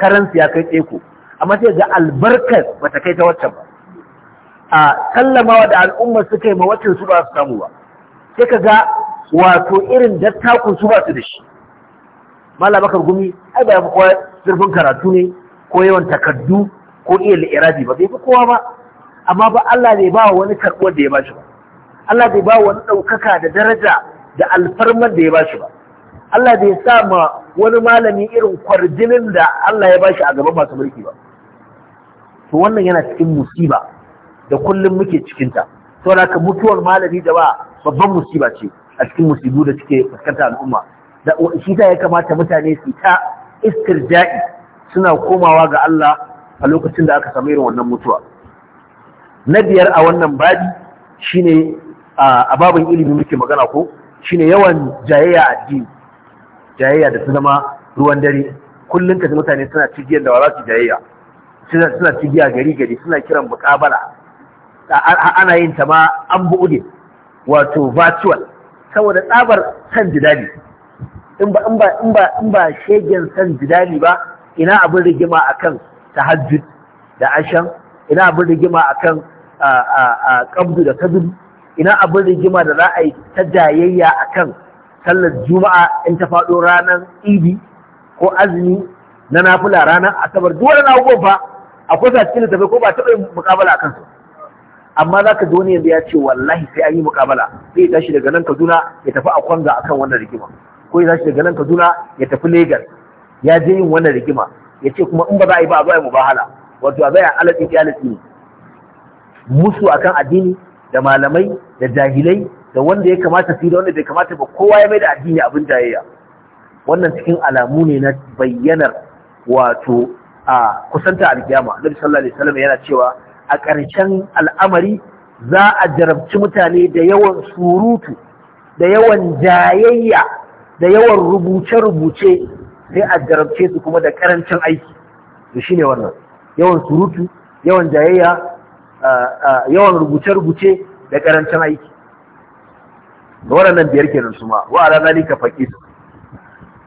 karansu ya kai teku amma sai ga albarkar ba ta kai ta waccan ba a kallamawa da al'ummar su kai ma su ba su samu ba sai ka ga wato irin dattakun su ba su da shi Bakar gumi ai ba fi kowa zurfin karatu ne ko yawan takardu ko iya li'irabi ba bai fi kowa ba amma ba Allah bai ba wani karɓuwar da ya ba shi ba Allah bai ba wani ɗaukaka da daraja da alfarmar da ya ba shi ba Allah bai sa ma wani malami irin kwarjinin da Allah ya bashi a gaban masu mulki ba to wannan yana cikin musiba da kullum muke cikinta to da mutuwar malami da ba babban musiba ce a cikin musibu da suke fuskanta al'umma da shi ta ya kamata mutane su ta istirja'i suna komawa ga Allah a lokacin da aka samu irin wannan mutuwa na biyar a wannan babi shine a babin ilimi muke magana ko shine yawan jayayya addini jayayya da su zama ruwan dare kullum ka mutane suna cigiyar da ba za su jayayya suna cigiya gari gari suna kiran mukabala ana yin ta ma an buɗe wato virtual saboda tsabar san jidali in ba in ba in ba in ba shegen san jidali ba ina abin rigima akan tahajjud da ashan ina abin rigima akan a a qabdu da kabdu ina abin rigima da za a yi ta jayayya akan sallar juma'a in ta faɗo ranar idi ko azumi na nafula ranar asabar duk wani abubuwan fa akwai sa cikin littafi ko ba taɓa yin mukabala a kansu amma za ka ji wani ya ce wallahi sai an yi mukabala sai ya tashi daga nan kaduna ya tafi a kwanga akan wannan rigima ko ya tashi daga nan kaduna ya tafi Legas ya je yin wannan rigima ya ce kuma in ba za a yi ba a zo mubahala wato a zaya alaƙi ne musu akan addini da malamai da jahilai da wanda ya kamata fi da wanda bai kamata ba kowa ya mai da addini abin jayayya wannan cikin alamu ne na bayyanar wato a kusanta alkiyama Annabi sallallahu alaihi wasallam yana cewa a ƙarshen al'amari za a jarabci mutane da yawan surutu da yawan jayayya da yawan rubuce-rubuce sai a jarabce su kuma da karancin aiki to shine wannan yawan surutu yawan jayayya yawan rubuce-rubuce da karancin aiki waɗannan biyar kenan su ma wa ala zalika faqis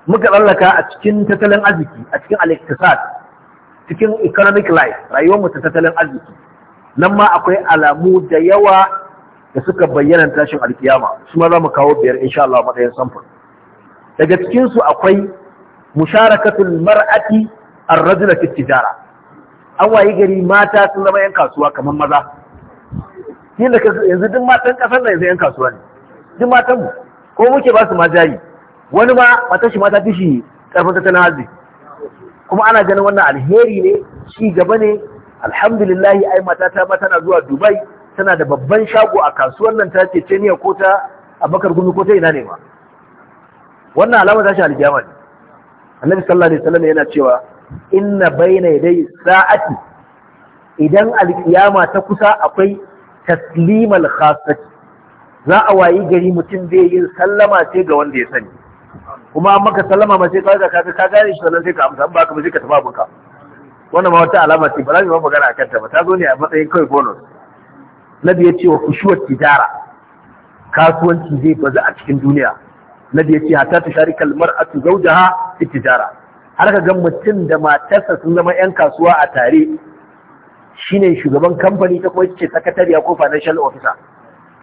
muka tsallaka a cikin tattalin arziki a cikin al cikin economic life rayuwar mu ta tattalin arziki nan ma akwai alamu da yawa da suka bayyana tashin alkiyama su ma za mu kawo biyar insha Allah matsayin samfur daga cikin su akwai musharakatul mar'ati ar-rajula fi tijara an wayi gari mata sun zama yan kasuwa kamar maza yanzu duk matan kasar nan yanzu yan kasuwa ne duk mu ko muke ba su ma jari wani ma matashi mata fishi karfin na hazi kuma ana ganin wannan alheri ne ci gaba ne alhamdulillahi ai mata ta ma tana zuwa dubai tana da babban shago a kasuwar nan ta ce ceniya ko ta abakar gumi ko ta ina ne ma wannan alama ta shi alkiyama ne annabi sallallahu alaihi wasallam yana cewa inna bayna yaday sa'ati idan alkiyama ta kusa akwai taslimal khasati za a wayi gari mutum zai yi sallama ce ga wanda ya sani kuma an maka sallama ma sai kawai ka ka gane shi sannan sai ka amsa ba ka ba sai ka tafi abinka wannan ma wata alama ce ba za mu magana a kanta ba ta zo ne a matsayin kawai bonus nabi ya ce wa kushuwar tijara kasuwanci zai bazu a cikin duniya nabi ya ce hatta ta shari kalmar a fi tijara har ka ga mutum da matarsa sun zama yan kasuwa a tare shine shugaban kamfani ta kuma ce sakatariya ko financial officer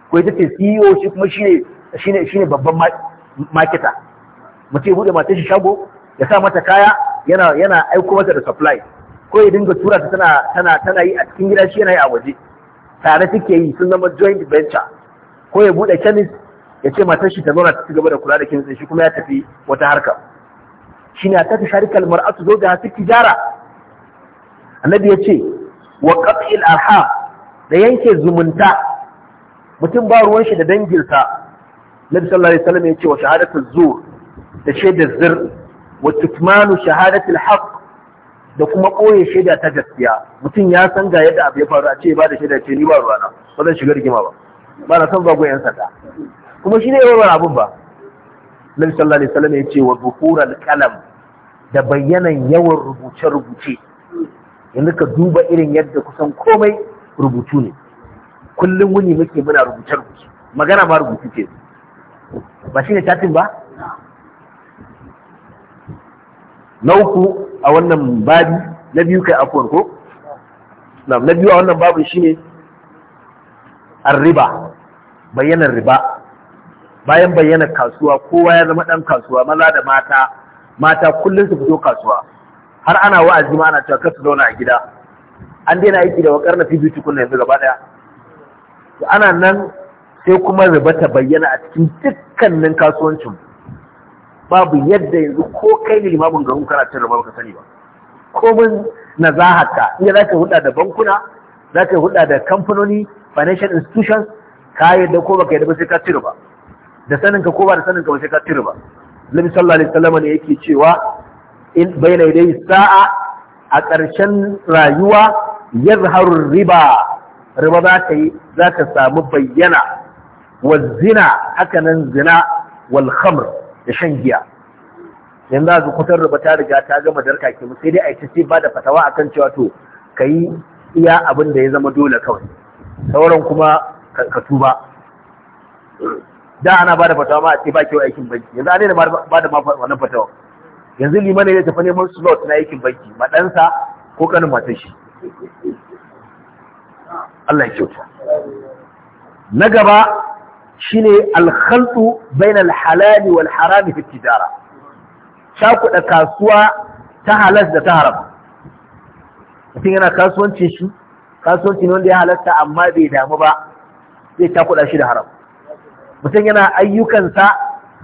ko ita ce CEO shi kuma shine shine shine babban marketer mutum ce bude mata shi shago ya sa mata kaya yana yana aiko mata da supply ko ya dinga tura ta tana tana tana yi a cikin gida shi yana yi a waje tare take yi sun zama joint venture ko ya bude chemist ya ce matar shi ta zauna ta gaba da kula da kinsa shi kuma ya tafi wata harka shine ta sharikal mar'atu ga su tijara annabi ya ce wa qat'il arham da yanke zumunta mutum ba ruwan shi da danginsa nabi sallallahu alaihi wasallam ya ce wa shahadatul zur da shaidar zir wa tutmanu shahadatul haqq da kuma koye shaida ta gaskiya mutum ya san ga yadda abu ya faru a ce ba da shaida ce ni ba ruwana ba zan shiga rigima ba ba na san zagon yan sanda kuma shi ne yawan abun ba nabi sallallahu alaihi wasallam ya ce wa zuhural qalam da bayyanan yawan rubuce-rubuce yanzu ka duba irin yadda kusan komai rubutu ne kullum wuni muke muna rubuce rubuce magana ma rubutu ce ba shi ne chatin ba na uku a wannan babi na biyu kai afuwar ko na biyu a wannan babin ne, arriba bayyanar riba bayan bayyanar kasuwa kowa ya zama dan kasuwa maza da mata mata kullum su fito kasuwa har ana wa'azi ma ana cewa kar su zauna a gida an daina aiki da wakar na fi biyu tukun yanzu gaba daya to ana nan sai kuma riba ta bayyana a cikin dukkanin kasuwancin babu yadda yanzu ko kai ne limamin garin kana cin riba baka sani ba komin nazahata iya za ka huda da bankuna za ka huda da kamfanoni financial institutions ka yadda ko baka yadda ba sai ka ci riba da saninka ko ba da saninka ba sai ka ci riba Nabi sallallahu alaihi wasallam ne yake cewa in bayna yadayhi sa'a a ƙarshen rayuwa yazharu riba riba za ka yi za ka samu bayyana wa zina hakanan zina wal khamr da shan giya yanzu a kutar riba ta riga ta gama darka ke sai dai a ita ce ba da fatawa akan cewa to ka yi iya abin da ya zama dole kawai sauran kuma ka tuba da ana ba da fatawa ma a ce ba kyau aikin banki yanzu an ne ba da wannan fatawa yanzu limanin ya tafi neman slot na aikin banki maɗansa ko kanin matashi Allah ya kyauta na gaba shine alkhaltu bainal halali wal harami fi tijara shakuda kasuwa ta halas da ta haram mutum yana kasuwanci shi kasuwanci ne wanda ya halasta amma bai damu ba zai takuda shi da haram mutum yana ayyukansa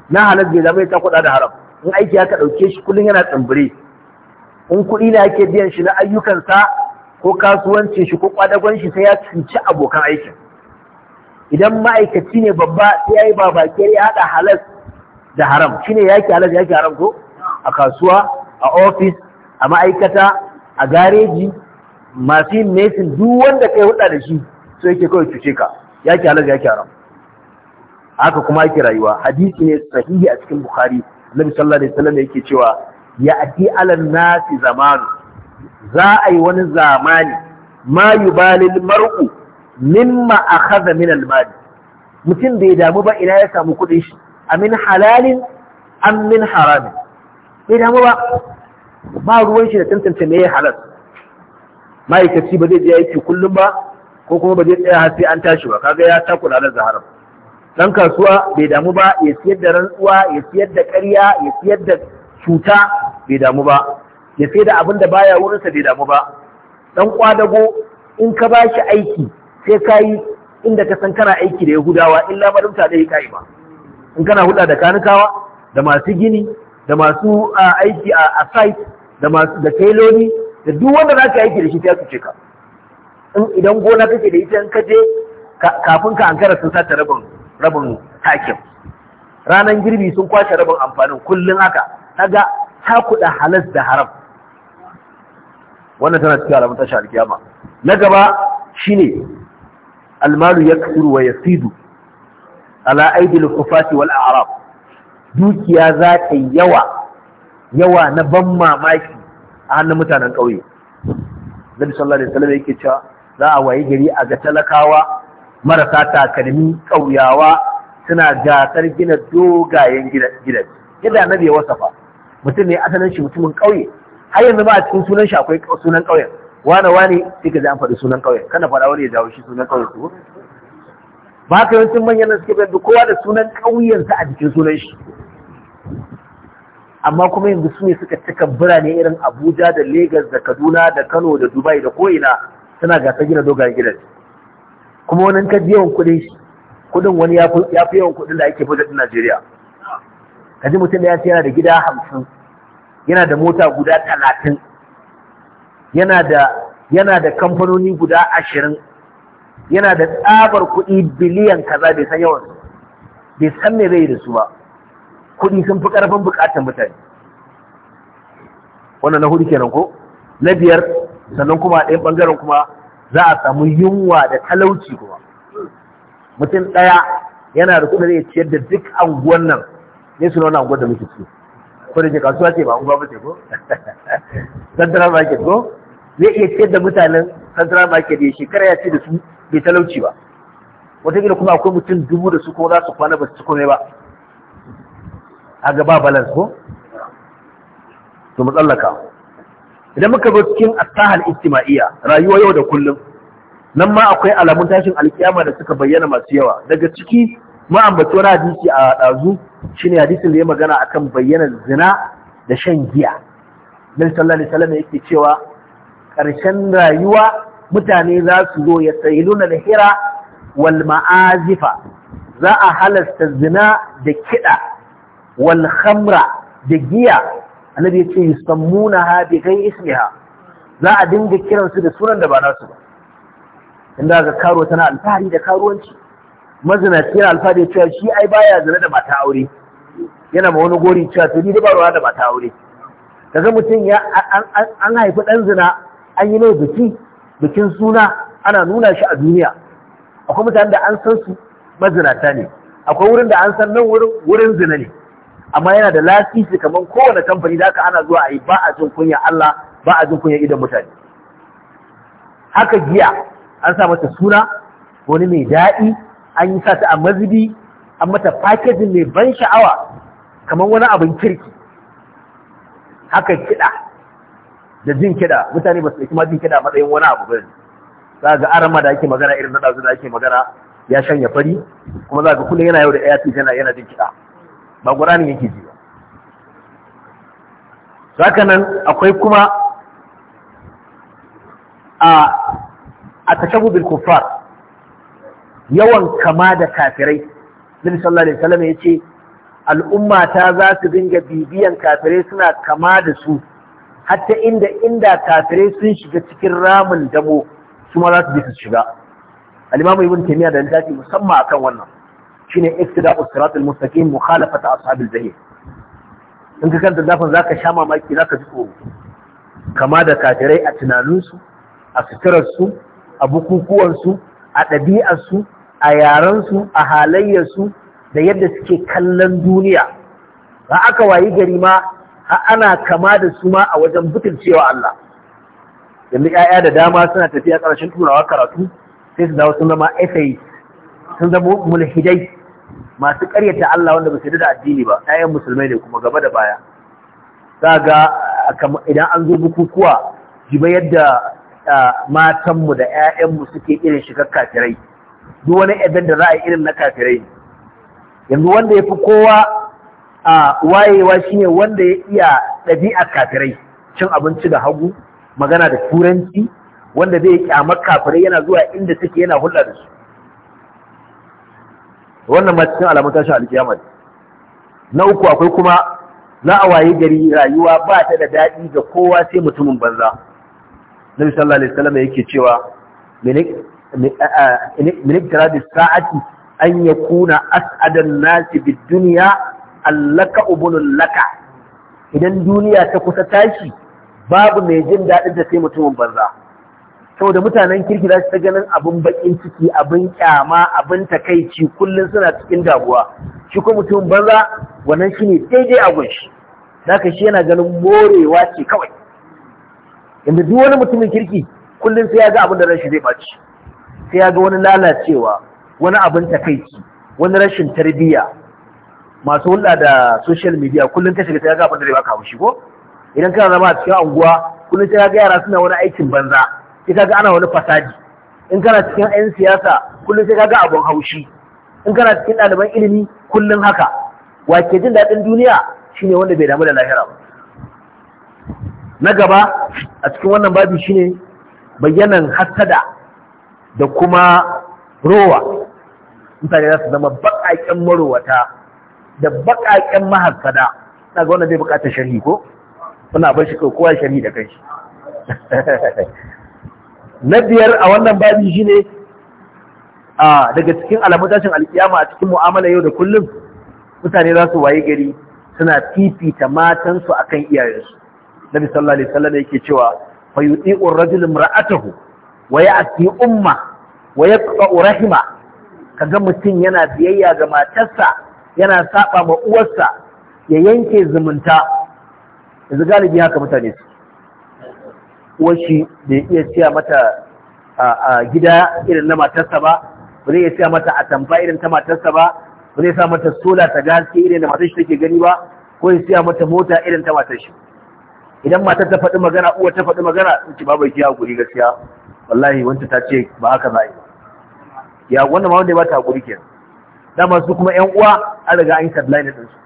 na halas bai damu ya takuda da haram in aiki aka ɗauke shi kullum yana tsambire in kuɗi ne ake biyan shi na ayyukansa ko kasuwanci shi ko kwadagon shi sai ya cuci abokan aikin idan ma'aikaci ne babba sai ya yi babakiyar ya haɗa halas da haram shine yaki halas yaki haram ko a kasuwa a ofis a ma'aikata a gareji masu yin mesin duk wanda kai hudda da shi so yake kawai cuce ka yaki halas ke haram haka kuma yake rayuwa hadisi ne sahihi a cikin bukhari annabi sallallahu alaihi wasallam yake cewa ya ati alannasi zamanu za a yi wani zamani ma yubalil mar'u mimma kaza min al mutum bai damu ba ina ya samu kudin shi amin halalin an min haramin bai damu ba ba ruwan shi da tantance me ya halal ma'aikaci ba zai je aiki kullum ba ko kuma ba zai tsaya har sai an tashi ba kaga ya kula da zaharar dan kasuwa bai damu ba ya siyar da rantsuwa ya siyar da ƙarya ya siyar da cuta bai damu ba ya sai da abin da baya wurinsa bai damu ba Ɗan kwadago in ka ba shi aiki sai ka yi inda ka san kana aiki da yahudawa in lamarin ta ka yi ba in kana hulɗa da kanikawa da masu gini da masu aiki a site da masu da duk wanda za ka aiki da shi ta su ce ka in idan gona kake da ita in ka je kafin ka ankara sun sace rabin rabin takin ranan girbi sun kwashe rabin amfanin kullum haka kaga ta kuɗa halas da haram wannan tana cikin alamun tashar alkiyama na gaba shine almalu yakthuru wa yasidu ala aidil kufati wal a'rab dukiya za ta yawa yawa na ban mamaki a hannun mutanen ƙauye nabi sallallahu alaihi wasallam yake cewa za a wayi gari a ga talakawa marasa takalmi ƙauyawa suna gasar gina dogayen gidaje gida na bai wasafa mutum ne asalin shi mutumin ƙauye har yanzu ba a cikin sunan shi akwai sunan ƙauyen wane wane sai ka ji an faɗi sunan ƙauyen kana faɗa wani ya jawo shi sunan ƙauyen su ba yi yawancin manyan nan suke bayar kowa da sunan ƙauyensa a jikin sunan shi amma kuma yanzu su ne suka cika birane irin Abuja da Legas da Kaduna da Kano da Dubai da ko'ina suna gasar gina dogayen gidan kuma wani ka yawan kuɗin shi kuɗin wani ya fi yawan kuɗin da ake ɗin Najeriya kaji mutum ya ce yana da gida hamsin yana da mota guda talatin yana da kamfanoni guda ashirin yana da tsabar kuɗi biliyan kaza bai san yawan bai san me zai da su ba kuɗi sun fi ƙarfin buƙatar mutane wannan na hudu kenan ko na biyar sannan kuma a ɗayan ɓangaren kuma za a samu yunwa da talauci kuma mutum ɗaya yana da kuɗi zai ciyar da duk anguwan nan ne suna wani anguwan da muke ciki ko da ke kasuwa ce ba unguwa ba ce ko central market ko zai iya ciyar da mutanen central market ya shekara ya ce da su bai talauci ba wataƙila kuma akwai mutum dubu da su ko za su kwana ba su kome ba a gaba balance ko to matsalaka idan muka bi cikin asahal itima'iya, rayuwa yau da kullum nan ma akwai alamun tashin alkiyama da suka bayyana masu yawa daga ciki ma wani hadisi a ɗazu shine hadisin da ya magana akan bayyana zina da shan giya nabi sallallahu alaihi wasallam yake cewa ƙarshen rayuwa mutane za su zo ya sayi da hira wal ma'azifa za a halasta zina da kiɗa wal khamra da giya annabi yace yusammuna ha bi gai ismiha za a dinga kiransu da sunan da ba nasu ba inda ga karo tana alfahari da karuwanci mazinaci yana alfahari cewa shi ai baya zina da mata aure yana ma wani gori cewa to ni da ba da mata aure kaga mutum ya an haifi ɗan zina an yi mai biki bikin suna ana nuna shi a duniya akwai mutane da an san su mazinata ne akwai wurin da an san nan wurin zina ne amma yana da lasisi kamar kowane kamfani da aka ana zuwa a yi ba a jin kunya Allah ba a jin kunya idan mutane haka giya an sa mata suna wani mai daɗi an yi sata a mazubi an mata packaging mai ban sha'awa kamar wani abin kirki haka kiɗa da jin kiɗa mutane ba su ɗauki jin kiɗa matsayin wani abu ba za ga arama da ake magana irin na ɗazu da ake magana ya shanya fari kuma za ga kullum yana yau da ya yana yana jin kiɗa ba ƙuranin yake ji ba haka nan akwai kuma a a tashabu bil yawan kama da kafirai nabi sallallahu alaihi wasallam ya ce al'umma ta za su dinga bibiyan kafirai suna kama da su hatta inda inda kafirai sun shiga cikin ramin damo su ma za su bi su shiga al ibn taymiya da littafi musamman akan wannan shine iktida'us siratal mustaqim mukhalafat ashabil zahir in ka kanta zafin zaka sha mamaki zaka ji tsoro kama da kafirai a tunaninsu a suturarsu a bukukuwansu a ɗabi'arsu a yarensu a halayyarsu da yadda suke kallon duniya ba aka wayi gari ma ana kama da su ma a wajen butulcewa Allah yanzu 'ya'ya da dama suna tafiya ƙarshen turawa karatu sai su dawo sun zama atheist sun zama mulhidai masu ƙaryata Allah wanda ba su da addini ba 'ya'yan musulmai ne kuma gaba da baya za ga idan an zo bukukuwa jiba yadda matanmu da 'ya'yanmu suke irin shigar kafirai duk wani ɗan da za a yi irin na kafirai yanzu wanda ya fi kowa a wayewa shine wanda ya iya ɗabi'a kafirai cin abinci da hagu magana da turanci wanda zai kyamar kafirai yana zuwa inda suke yana hulɗa da su wannan ma cikin alamun tashin alkiyama na uku akwai kuma za a waye gari rayuwa ba ta da daɗi ga kowa sai mutumin banza nabi sallallahu alaihi wasallam yake cewa min iktirabi sa'ati an yakuna as'adan nasi bid allaka ubunul laka idan duniya ta kusa tashi babu mai jin daɗin ta sai mutumin banza saboda mutanen kirki za su ta ganin abin bakin ciki abin kyama abin takaici kullum suna cikin damuwa shi mutumin banza wannan shine daidai a gunshi zaka shi yana ganin morewa ce kawai inda duk wani mutumin kirki kullum sai ya ga abin da ran shi zai baci sai ya ga wani lalacewa wani abin takaici wani rashin tarbiyya masu hulɗa da social media kullum ka shiga sai ga abin da zai baka haushi ko idan kana zama a cikin unguwa kullum sai ga yara suna wani aikin banza sai ga ana wani fasadi in kana cikin 'yan siyasa kullum sai ka ga abin haushi in kana cikin ɗaliban ilimi kullum haka wa ke jin daɗin duniya shine wanda bai damu da lahira ba na gaba a cikin wannan babu shine bayyanan hassada da kuma rowa mutane za su zama baƙaƙen marowata da baƙaƙen mahaskada na ga wannan zai buƙatar shari'i ko suna bar shi kowa shari'i da kai na biyar a wannan babi shi ne daga cikin alamun tashin alƙiyama a cikin mu'amala yau da kullum mutane za su waye gari suna fifita matansu akan iyayensu nabi sallallahu alaihi wasallam yake cewa fa rajulun ra'atahu wa ya'ti umma wa yaqta'u rahima kaga mutum yana biyayya ga matarsa yana saba ma uwarsa ya yanke zumunta yanzu galibi haka mutane su uwarshi da iya siya mata a gida irin na matarsa ba ba zai iya siya mata a tamfa irin ta matarsa ba ba zai sa mata sola ta gaske irin da matar shi take gani ba ko ya siya mata mota irin ta matar shi idan matar ta faɗi magana uwar ta faɗi magana in ci babu kiya guri gaskiya wallahi wanta ta ce ba haka za a yi ya wanda ma wanda ya bata hakuri kenan dama su kuma yan uwa an riga an yi tabline din su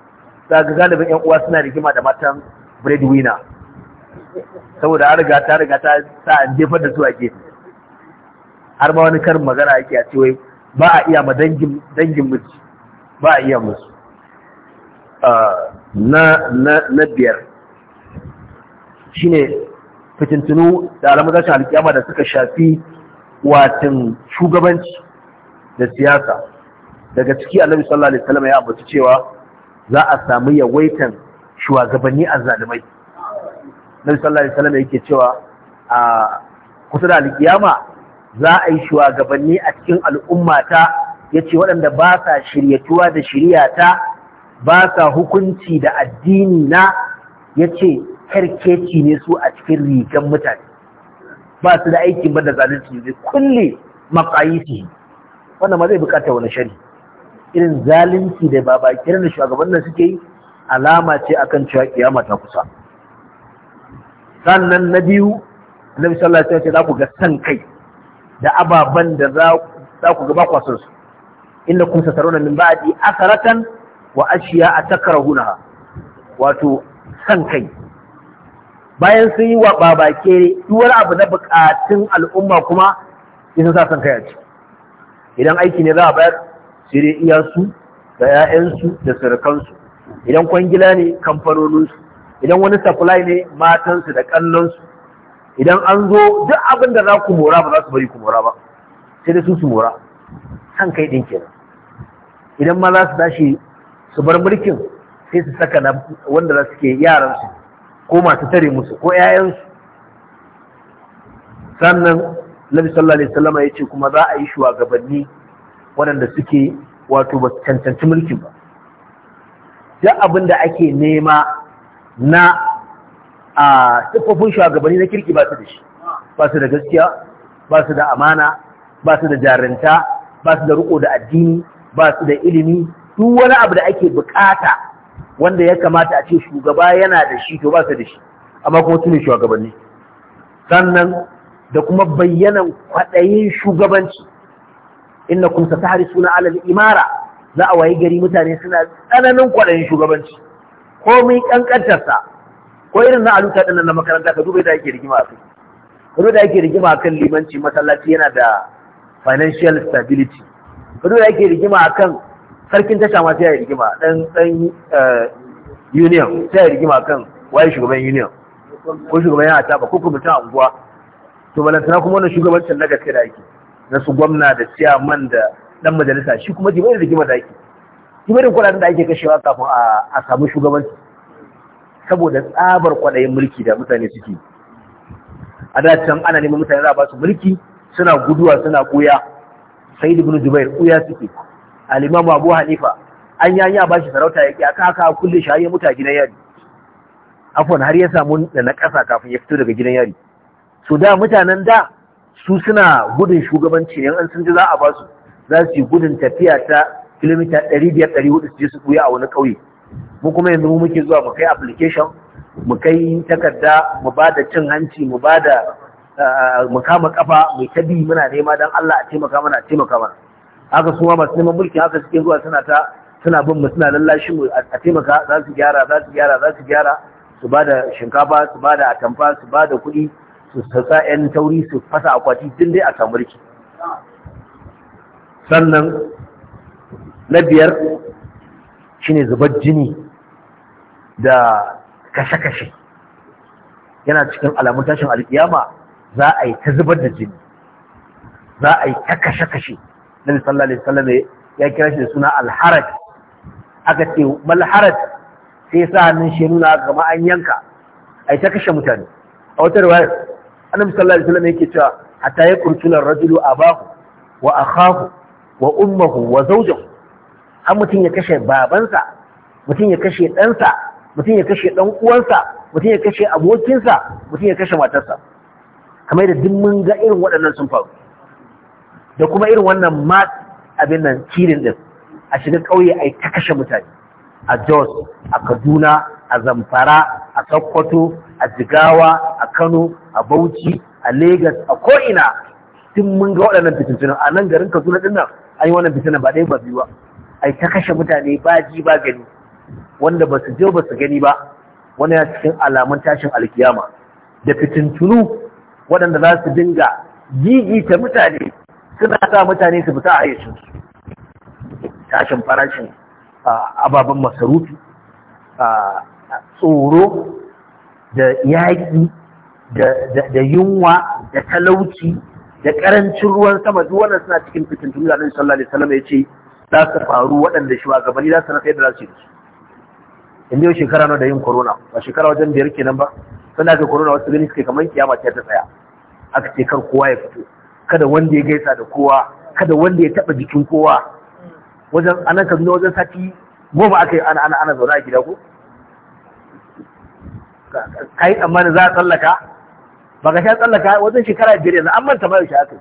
ga galibin yan uwa suna rigima da matan breadwinner saboda an riga ta riga ta sa an jefar da su a gefe har ma wani karin magana yake a wai ba a iya ma dangin dangin miji ba a iya musu ah, na na na biyar shine fitintunu da alamun alkiyama da suka shafi watan shugabanci da siyasa daga ciki annabi sallallahu alaihi wasallam ya abuci cewa za a samu yawaitan shugabanni a azzalumai annabi sallallahu alaihi wasallam yake cewa a kusa da alkiyama za a yi shugabanni a cikin al'ummata yace waɗanda ba sa shiryatuwa da shiryata ba sa hukunci da addini na yace karkeci ne su a cikin rigan mutane ba su da aikin da zalunci zai kulle makayisi wannan ma zai bukata wani shari irin zalunci da ba ba kiran da shugaban nan suke yi alama ce akan cewa kiyama ta kusa sannan na biyu annabi sallallahu alaihi wasallam ce za ku ga san kai da ababan da za ku ga ba ku san su innakum sataruna min ba'di asaratan wa ashiya atakrahunaha wato san kai bayan sun yi wa babake duwar abu na bukatun al'umma kuma isa sa san kaya idan aiki ne za a bayar sai dai iyasu da 'ya'yansu da sarakansu. idan kwangila ne kamfanoninsu idan wani supply ne matansu da kallonsu idan an zo duk abin da za ku mora ba za su bari ku mora ba sai dai su su mora san kai ɗin kenan idan ma za su tashi su bar mulkin sai su saka wanda za su ke yaransu ko masu tare musu ko 'ya'yansu sannan nabi sallallahu alaihi wasallam ya ce kuma za a yi shugabanni waɗanda suke wato ba cancanci mulki ba duk abin da ake nema na a siffofin shugabanni na kirki ba su da shi ba su da gaskiya ba su da amana ba su da jarinta ba su da riko da addini ba su da ilimi duk wani abu da ake bukata wanda ya kamata a ce shugaba yana da shi to ba su da shi amma kuma tunin shugabanni sannan da kuma bayyanan kwaɗayin shugabanci inna kun satahari suna alal imara za a wayi gari mutane suna tsananin kwaɗayin shugabanci Ko komai kankantarsa ko irin na aluta ɗin na makaranta ka duba da ake rigima a kai ka duba yake rigima kan limanci masallaci yana da financial stability ka duba ake rigima kan. sarkin tasha ma sai ya rigima dan dan eh, union sai ya rigima kan waye shugaban union ko shugaban yana ba ko kuma ta unguwa to balantana kuma wannan shugabancin na gaske da ake na su gwamna da chairman da dan majalisa shi kuma da rigima da ake jibai kuɗaɗen da ake kashewa kafin a a samu shugabanci saboda tsabar kwaɗayin mulki da mutane suke a da can ana neman mutane za a ba su mulki suna guduwa suna ƙuya sai ibn jubair ƙuya suke Alimamu Abu Hanifa an ya ba bashi sarauta yake aka kulle shi shi ya muta gidan yari Afon har ya samu da na kasa kafin ya fito daga gidan yari Su da mutanen da su suna gudun shugabanci ne an sun ji za a ba su za su yi gudun tafiya ta kilomita 500 400 su je su buya a wani kauye mu kuma yanzu mu muke zuwa mu kai application mu kai takarda mu ba da cin hanci mu ba da ah, mu kama kafa mai tabi muna nema don Allah a taimaka mana a taimaka mana haka suma masu neman mulki haka cikin zuwa suna ta suna bin mu suna lallashi mu a taimaka za su gyara za su gyara za su gyara su ba da shinkafa su ba da atamfa su ba da kuɗi su sassa 'yan tauri su fasa akwati tun dai a samu riki sannan na biyar shine zubar jini da kashe-kashe yana cikin alamun tashin alkiyama za a yi ta zubar da jini za a yi ta kashe-kashe nabi sallallahu alaihi ya kira shi da suna alharaj aka ce mal haraj sai sa hannun shi nuna kamar an yanka ai ta kashe mutane a wata riwaya annabi sallallahu alaihi wasallam yake cewa hatta ya kurtula rajulu abahu wa akhahu wa ummuhu wa zawjahu An mutum ya kashe babansa mutum ya kashe ɗansa mutum ya kashe ɗan uwansa mutum ya kashe abokinsa mutum ya kashe matarsa kamar da duk mun ga irin waɗannan sun faru da kuma irin wannan mat abin nan kirin din a shiga ƙauye a yi ta kashe mutane a jos a kaduna a zamfara a sokoto a jigawa a kano a bauchi a lagos a ko'ina tun mun ga waɗannan fitintunan a nan garin kaduna din nan an yi wannan fitinan ba ɗaya ba biyu ba a yi ta kashe mutane ba ji ba gani wanda ba su je ba su gani ba wani ya cikin alamun tashin alkiyama da fitintunu waɗanda za su dinga gigita mutane suna sa mutane su fita a su. tashin farashin ababen masarufi tsoro da yaƙi da yunwa da talauci da ƙarancin ruwan sama duk wannan suna cikin fitin da zanen sallallahu salama ya ce za su faru waɗanda shi gabani za su na da za su yi in yau shekara na da yin corona ba shekara wajen biyar kenan ba suna ke corona wasu gani suke kamar kiyama ta tsaya aka ce kar kowa ya fito kada wanda ya gaisa da kowa kada wanda ya taba jikin kowa wajen ana kaduna wajen sati goma aka yi ana ana ana zaune a gida ko ka yi tsammanin za a tsallaka ba ka sha tsallaka wajen shekara biyar yanzu an manta ma yaushe aka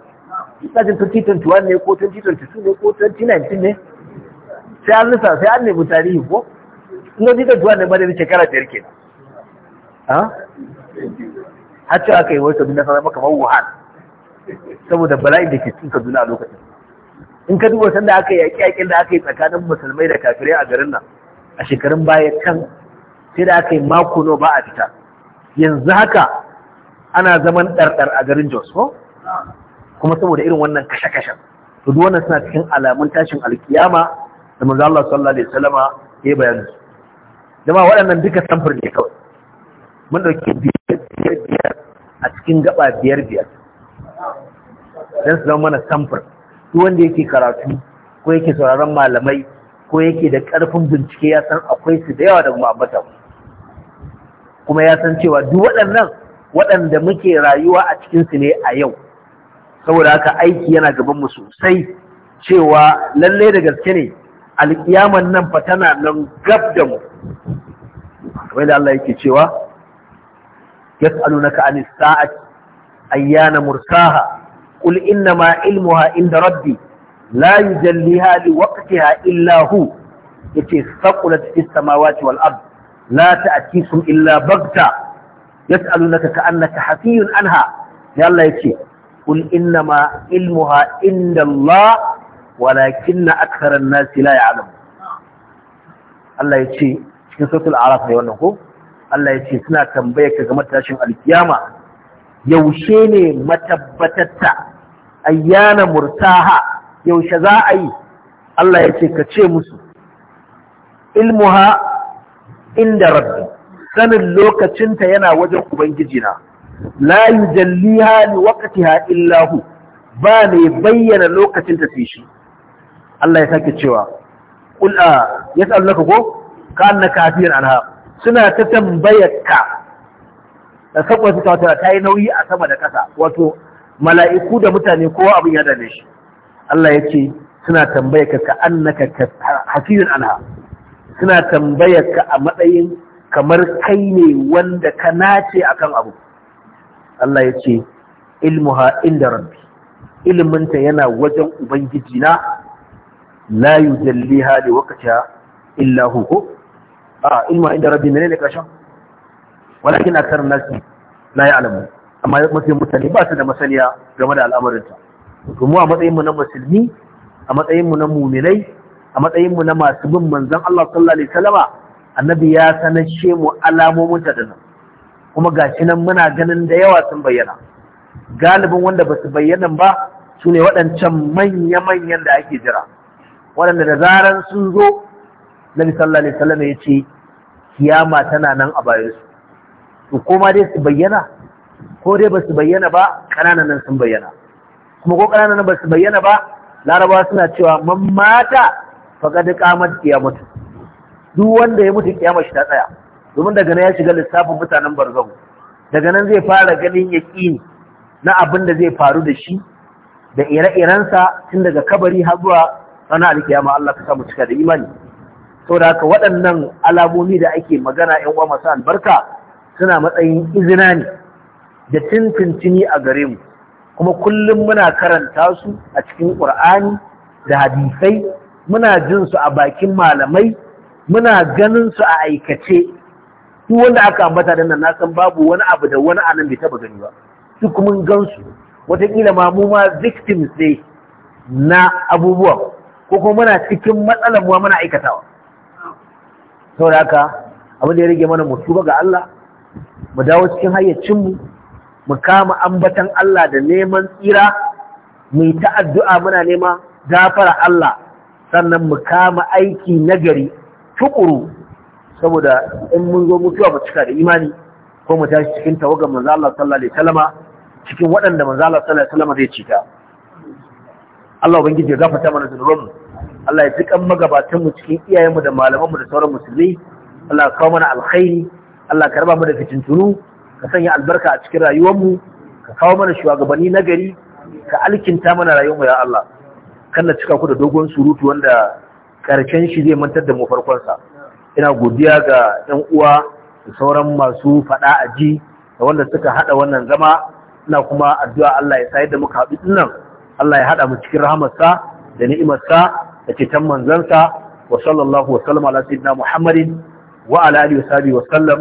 yi tsajin 2021 ne ko 2022 ne ko 2019 ne sai an nisa sai an nemi tarihi ko in ga tuwa ne ba da shekara biyar kenan Ha? cewa aka yi wasu bin nasarar maka mawuhan saboda bala'in da ke cin Kaduna a lokacin in ka duba sanda aka yi da aka yi tsakanin musulmai da kafirai a garin nan a shekarun baya can sai da aka yi mako nawa ba a fita yanzu haka ana zaman ɗarɗar a garin Jos ko kuma saboda irin wannan kashe-kashen to duk wannan suna cikin alamun tashin alkiyama da manzo Allah sallallahu alaihi wasallama ya su. jama'a waɗannan duka samfur ne kawai mun ɗauki biyar biyar a cikin gaba biyar biyar don su zama mana samfur duk wanda yake karatu ko yake sauraron malamai ko yake da karfin bincike ya san akwai su da yawa da ma'ambata kuma ya san cewa duk waɗannan waɗanda muke rayuwa a cikinsu ne a yau saboda haka aiki yana gaban mu sosai cewa lallai da gaske ne alƙiyaman nan fa tana nan gab da mu kamar da Allah yake cewa yas'alunaka anis sa'ati ayyana mursaha قل إنما علمها عند ربي لا يجليها لوقتها إلا هو يتي ثقلت في السماوات والأرض لا تأتيكم إلا بغتة يسألونك كأنك حفي عنها يا الله يتي قل إنما علمها عند الله ولكن أكثر الناس لا يعلم الله يتي في سورة الأعراف هي ونقول Allah ya ce suna tambayar ka game tashin alkiyama yaushe ne matabbatatta ayyana murtaha yaushe za a yi Allah ya ce ka ce musu ilmuha inda rabbi sanin lokacinta yana wajen ubangijina la yujalliha li waqtiha illa hu ba ne bayyana lokacinta sai shi Allah ya sake cewa qul a yas'alunaka ko ka annaka kafir anha suna ta tambayarka da saboda suka wata ta yi nauyi a sama da ƙasa wato mala'iku da mutane kowa abin ya dame shi Allah ya ce suna tambayar ka annaka hakirin anha suna tambayar ka a matsayin kamar kai ne wanda ka nace akan abu Allah ya ce ilmuha inda rabbi ilminta yana wajen ubangiji na la yujalliha li waqtiha illa hu a ah, ilma inda rabbi menene kashin walakin akar nasi la alamu. amma mafi mutane ba su da masaniya game da al'amarinta to a matsayinmu na musulmi a matsayinmu na mu'minai a matsayinmu na masu bin manzon Allah sallallahu alaihi wasallama annabi ya sanashe mu alamomin ta dana kuma gashi nan muna ganin da yawa sun bayyana galibin wanda ba su bayyana ba su ne waɗancan manya-manyan da ake jira waɗanda da zaran sun zo nabi sallallahu alaihi wasallam ya ce kiyama tana nan a bayansu to koma dai su bayyana ko dai ba su bayyana ba ƙananan nan sun bayyana kuma ko ƙananan ba su bayyana ba larabawa suna cewa man mata faƙaɗi ƙamar kiyamatu. duk wanda ya mutu kiyama shi ta tsaya domin daga nan ya shiga lissafin mutanen barzahu daga nan zai fara ganin yaƙini na abin da zai faru da shi da ire-irensa tun daga kabari har zuwa ranar alkiyama Allah ka samu cika da imani saboda haka waɗannan alamomi da ake magana ƴan uwa masu albarka suna matsayin izina ne da tintintini a gare mu kuma kullum muna karanta su a cikin ƙur'ani da hadisai muna jin su a bakin malamai muna ganin su a aikace duk wanda aka ambata da nan na san babu wani abu da wani anan bai taba gani ba duk mun gan su wataƙila ma mu ma victims ne na abubuwa ko kuma muna cikin matsalar muwa muna aikatawa saboda haka abin da ya rage mana mutuba ga Allah mu dawo cikin hayyacinmu mu kama ambatan Allah da neman tsira mu yi ta'addu'a muna nema gafara Allah sannan mu kama aiki nagari tukuru saboda in mun zo mutuwa mu cika da imani ko mu tashi cikin tawagar manzo Allah sallallahu alaihi wasallam cikin waɗanda manzo Allah sallallahu alaihi wasallam zai cika Allah ubangiji ya gafarta mana zunubanmu Allah ya tsikan magabatan mu cikin iyayenmu da malamanmu da sauran musulmi Allah ya kawo mana alkhairi Allah ka raba mu da fitintunu ka sanya albarka a cikin rayuwarmu ka kawo mana shugabanni na gari ka alkinta mana rayuwarmu ya Allah Kanna cika ku da dogon surutu wanda karshen shi zai mantar da mu farkon sa ina godiya ga 'yan uwa da sauran masu fada aji da wanda suka hada wannan zama ina kuma addu'a Allah ya sayar da muka haɗu dinnan Allah ya hada mu cikin rahamarsa da ni'imarsa da ceton manzansa wa sallallahu wa sallama ala sayyidina Muhammadin wa ala alihi wa sahbihi wa sallam